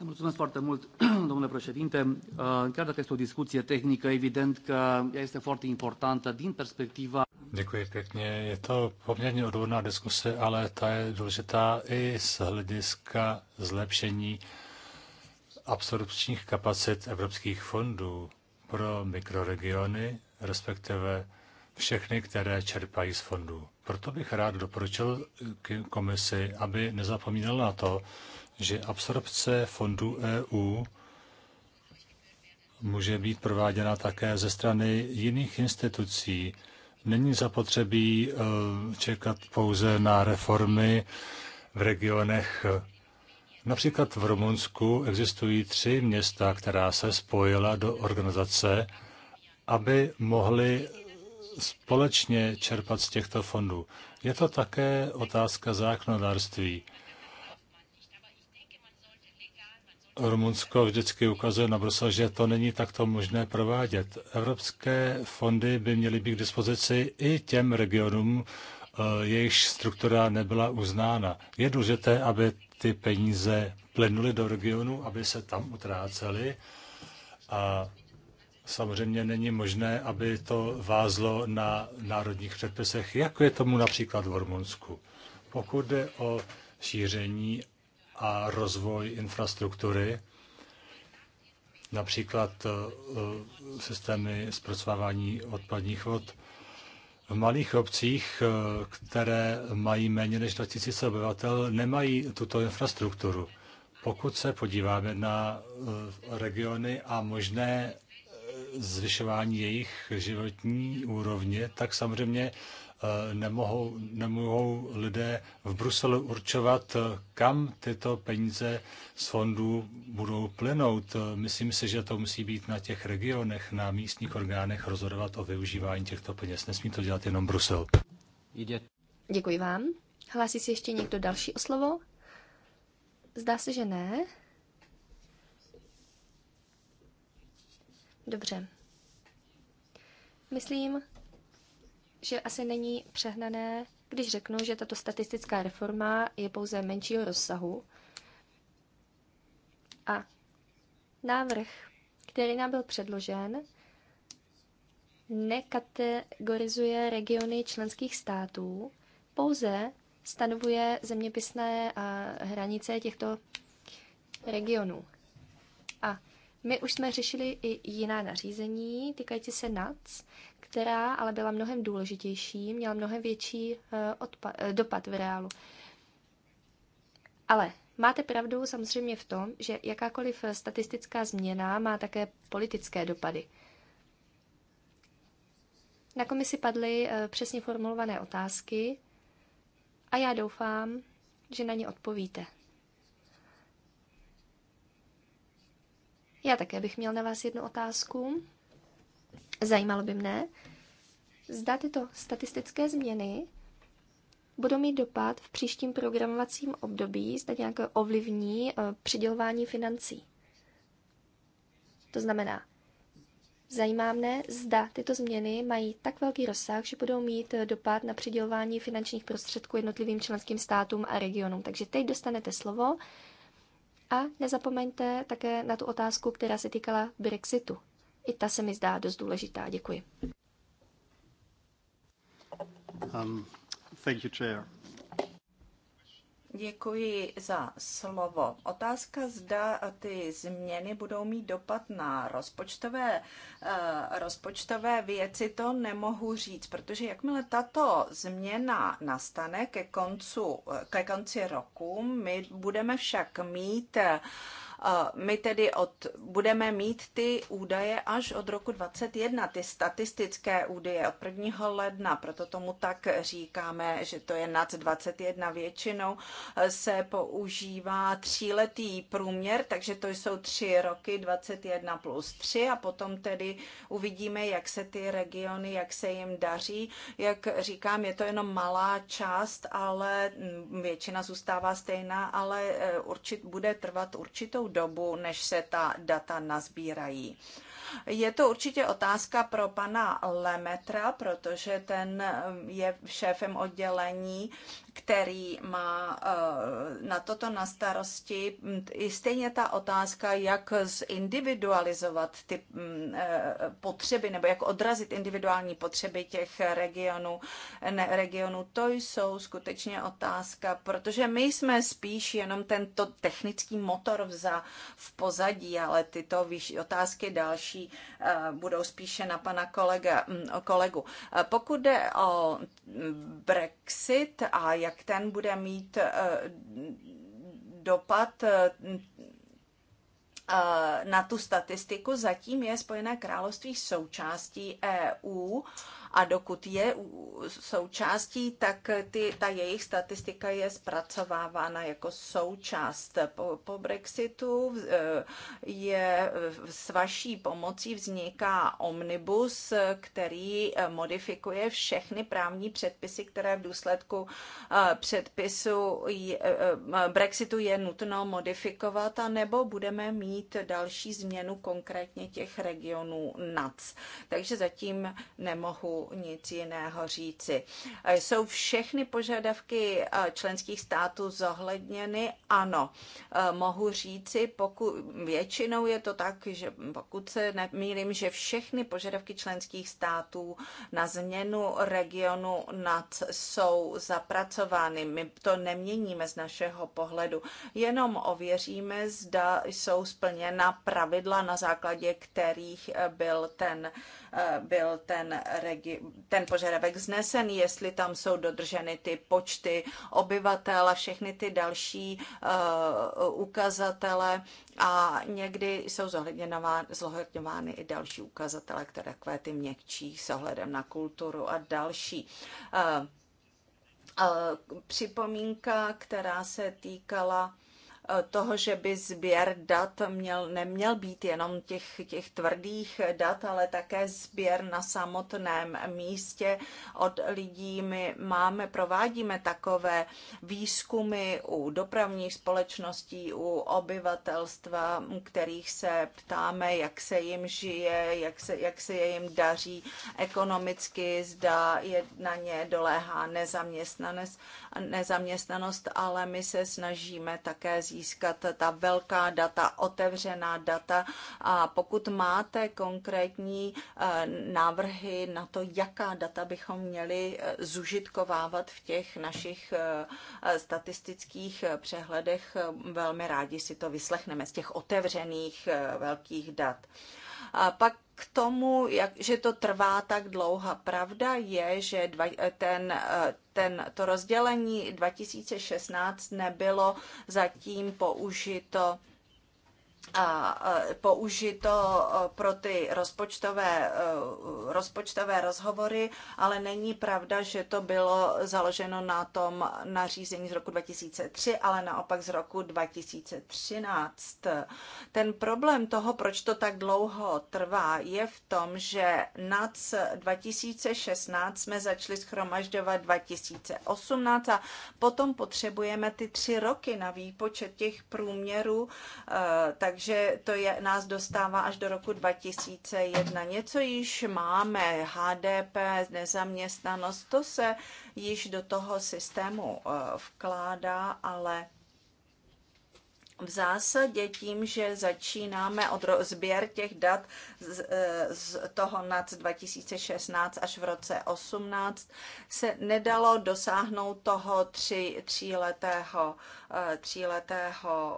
Mulțumesc foarte mult, domnule președinte. Eh, chiar dacă este o discuție tehnică, evident că ea este foarte importantă din perspectiva... Děkuji pěkně. Je to poměrně odborná diskuse, ale ta je důležitá i z hlediska zlepšení absorpčních kapacit evropských fondů pro mikroregiony, respektive všechny, které čerpají z fondů. Proto bych rád doporučil komisi, aby nezapomínal na to, že absorpce fondů EU může být prováděna také ze strany jiných institucí. Není zapotřebí eh, čekat pouze na reformy v regionech Například v Rumunsku existují tři města, která se spojila do organizace, aby mohly společně čerpat z těchto fondů. Je to také otázka zákonodárství. Rumunsko vždycky ukazuje na Brusel, že to není takto možné provádět. Evropské fondy by měly být k dispozici i těm regionům, eh, jejichž struktura nebyla uznána. Je důležité, aby ty peníze plynuly do regionu, aby se tam utrácely. A samozřejmě není možné, aby to vázlo na národních předpisech, jako je tomu například v Rumunsku. Pokud jde o šíření a rozvoj infrastruktury, například eh, systémy zpracovávání odpadních vod, v malých obcích, eh, které mají méně než 2000 obyvatel, nemají tuto infrastrukturu. Pokud se podíváme na eh, regiony a možné eh, zvyšování jejich životní úrovně, tak samozřejmě Eh, nemohou, nemohou lidé v Bruselu určovat, eh, kam tyto peníze z fondů budou plynout. Eh, myslím si, že to musí být na těch regionech, na místních orgánech rozhodovat o využívání těchto peněz. Nesmí to dělat jenom Brusel. Děkuji vám. Hlásí se ještě někdo další o slovo? Zdá se, že ne. Dobře. Myslím, že asi není přehnané, když řeknu, že tato statistická reforma je pouze menšího rozsahu. A návrh, který nám byl předložen, nekategorizuje regiony členských států, pouze stanovuje zeměpisné a hranice těchto regionů. A my už jsme řešili i jiná nařízení týkající se NAC která ale byla mnohem důležitější, měla mnohem větší eh, eh, dopad v reálu. Ale máte pravdu samozřejmě v tom, že jakákoliv statistická změna má také politické dopady. Na komisi padly eh, přesně formulované otázky a já doufám, že na ně odpovíte. Já také bych měl na vás jednu otázku. Zajímalo by mne, zda tyto statistické změny budou mít dopad v příštím programovacím období, zda nějaké ovlivní eh, přidělování financí. To znamená, zajímá mne, zda tyto změny mají tak velký rozsah, že budou mít eh, dopad na přidělování finančních prostředků jednotlivým členským státům a regionům. Takže teď dostanete slovo a nezapomeňte také na tu otázku, která se týkala Brexitu. I ta se mi zdá dost důležitá. Děkuji. Um, thank you, chair. Děkuji za slovo. Otázka, zda ty změny budou mít dopad na rozpočtové, eh, rozpočtové věci, to nemohu říct, protože jakmile tato změna nastane ke, koncu, ke konci roku, my budeme však mít eh, my tedy od, budeme mít ty údaje až od roku 2021, ty statistické údaje od 1. ledna, proto tomu tak říkáme, že to je nad 21. Většinou e, se používá tříletý průměr, takže to jsou tři roky 21 plus 3 a potom tedy uvidíme, jak se ty regiony, jak se jim daří. Jak říkám, je to jenom malá část, ale většina zůstává stejná, ale e, určit, bude trvat určitou dobu, než se ta data nazbírají. Je to určitě otázka pro pana Lemetra, protože ten eh, je šéfem oddělení který má eh, na toto na starosti. Hm, I stejně ta otázka, jak zindividualizovat ty hm, eh, potřeby nebo jak odrazit individuální potřeby těch regionů, ne, regionů to jsou skutečně otázka, protože my jsme spíš jenom tento technický motor vza v pozadí, ale tyto otázky další eh, budou spíše na pana kolega, hm, kolegu. Pokud jde o Brexit a jak ten bude mít eh, dopad eh, eh, na tu statistiku. Zatím je Spojené království součástí EU a dokud je součástí, tak ty, ta jejich statistika je zpracovávána jako součást. Po, po Brexitu eh, je s vaší pomocí vzniká omnibus, který eh, modifikuje všechny právní předpisy, které v důsledku eh, předpisu Brexitu je nutno modifikovat, anebo budeme mít další změnu konkrétně těch regionů NAC. Takže zatím nemohu nic jiného říci. Jsou všechny požadavky členských států zohledněny? Ano. Mohu říci, pokud, většinou je to tak, že pokud se nemýlím, že všechny požadavky členských států na změnu regionu nad jsou zapracovány. My to neměníme z našeho pohledu. Jenom ověříme, zda jsou splněna pravidla, na základě kterých e, byl ten, e, byl ten region ten požadavek znesen, jestli tam jsou dodrženy ty počty obyvatel a všechny ty další eh, ukazatele a někdy jsou zohledňovány i další ukazatele, které takové ty měkčí s ohledem na kulturu a další. Eh, eh, připomínka, která se týkala toho, že by sběr dat měl, neměl být jenom těch, těch tvrdých dat, ale také sběr na samotném místě od lidí. My máme, provádíme takové výzkumy u dopravních společností, u obyvatelstva, kterých se ptáme, jak se jim žije, jak se, jak se jim daří ekonomicky, zda je na ně doléhá nezaměstnanost, nezaměstnanost ale my se snažíme také zjistit, získat ta velká data, otevřená data. A pokud máte konkrétní eh, návrhy na to, jaká data bychom měli eh, zužitkovávat v těch našich eh, statistických přehledech, velmi rádi si to vyslechneme z těch otevřených velkých dat. A pak k tomu, jak, že to trvá tak dlouho. Pravda je, že dva, ten, ten, to rozdělení 2016 nebylo zatím použito a e, použito e, pro ty rozpočtové, e, rozpočtové rozhovory, ale není pravda, že to bylo založeno na tom nařízení z roku 2003, ale naopak z roku 2013. Ten problém toho, proč to tak dlouho trvá, je v tom, že nad 2016 jsme začali schromažďovat 2018 a potom potřebujeme ty tři roky na výpočet těch průměrů, tak takže to je, nás dostává až do roku 2001. Něco již máme, HDP, nezaměstnanost, to se již do toho systému eh, vkládá, ale v zásadě tím, že začínáme od sběr těch dat z, e, z toho NAC 2016 až v roce 18, se nedalo dosáhnout toho tři, tříletého, e, tříletého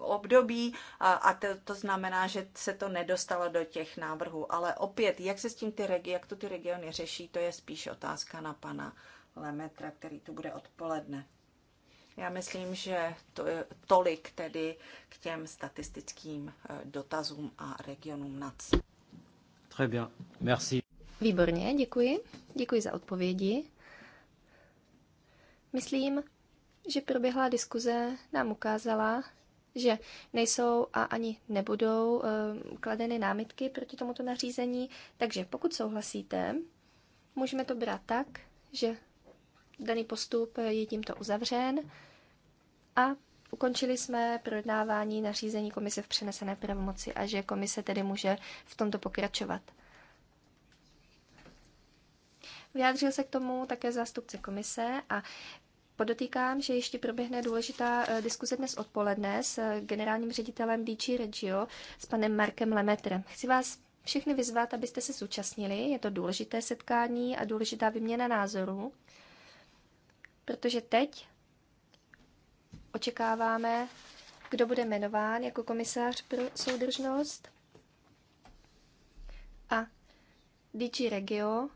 období a to, to znamená, že se to nedostalo do těch návrhů. Ale opět, jak se s tím ty regi, jak to ty regiony řeší, to je spíš otázka na pana Lemetra, který tu bude odpoledne. Já myslím, že to je tolik tedy k těm statistickým eh, dotazům a regionům NAC. Très bien, merci. Výborně, děkuji. Děkuji za odpovědi. Myslím, že proběhlá diskuze nám ukázala, že nejsou a ani nebudou eh, kladeny námitky proti tomuto nařízení, takže pokud souhlasíte, můžeme to brát tak, že daný postup je tímto uzavřen a ukončili jsme projednávání nařízení komise v přenesené pravomoci a že komise tedy může v tomto pokračovat. Vyjádřil se k tomu také zástupce komise a Podotýkám, že ještě proběhne důležitá eh, diskuze dnes odpoledne s eh, generálním ředitelem DG Regio, s panem Markem Lemetrem. Chci vás všechny vyzvat, abyste se zúčastnili. Je to důležité setkání a důležitá vyměna názorů protože teď očekáváme, kdo bude jmenován jako komisář pro soudržnost a DG Regio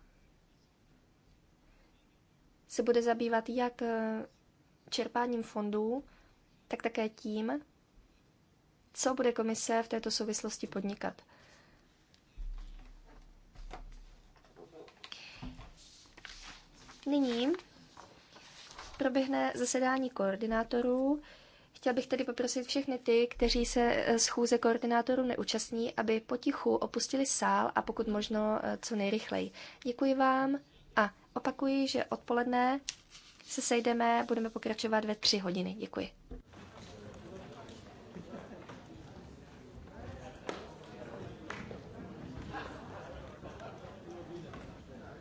se bude zabývat jak eh, čerpáním fondů, tak také tím, co bude komise v této souvislosti podnikat. Nyní proběhne zasedání koordinátorů. Chtěl bych tedy poprosit všechny ty, kteří se eh, schůze koordinátorů neúčastní, aby potichu opustili sál a pokud možno eh, co nejrychleji. Děkuji vám a opakuji, že odpoledne se sejdeme, budeme pokračovat ve tři hodiny. Děkuji.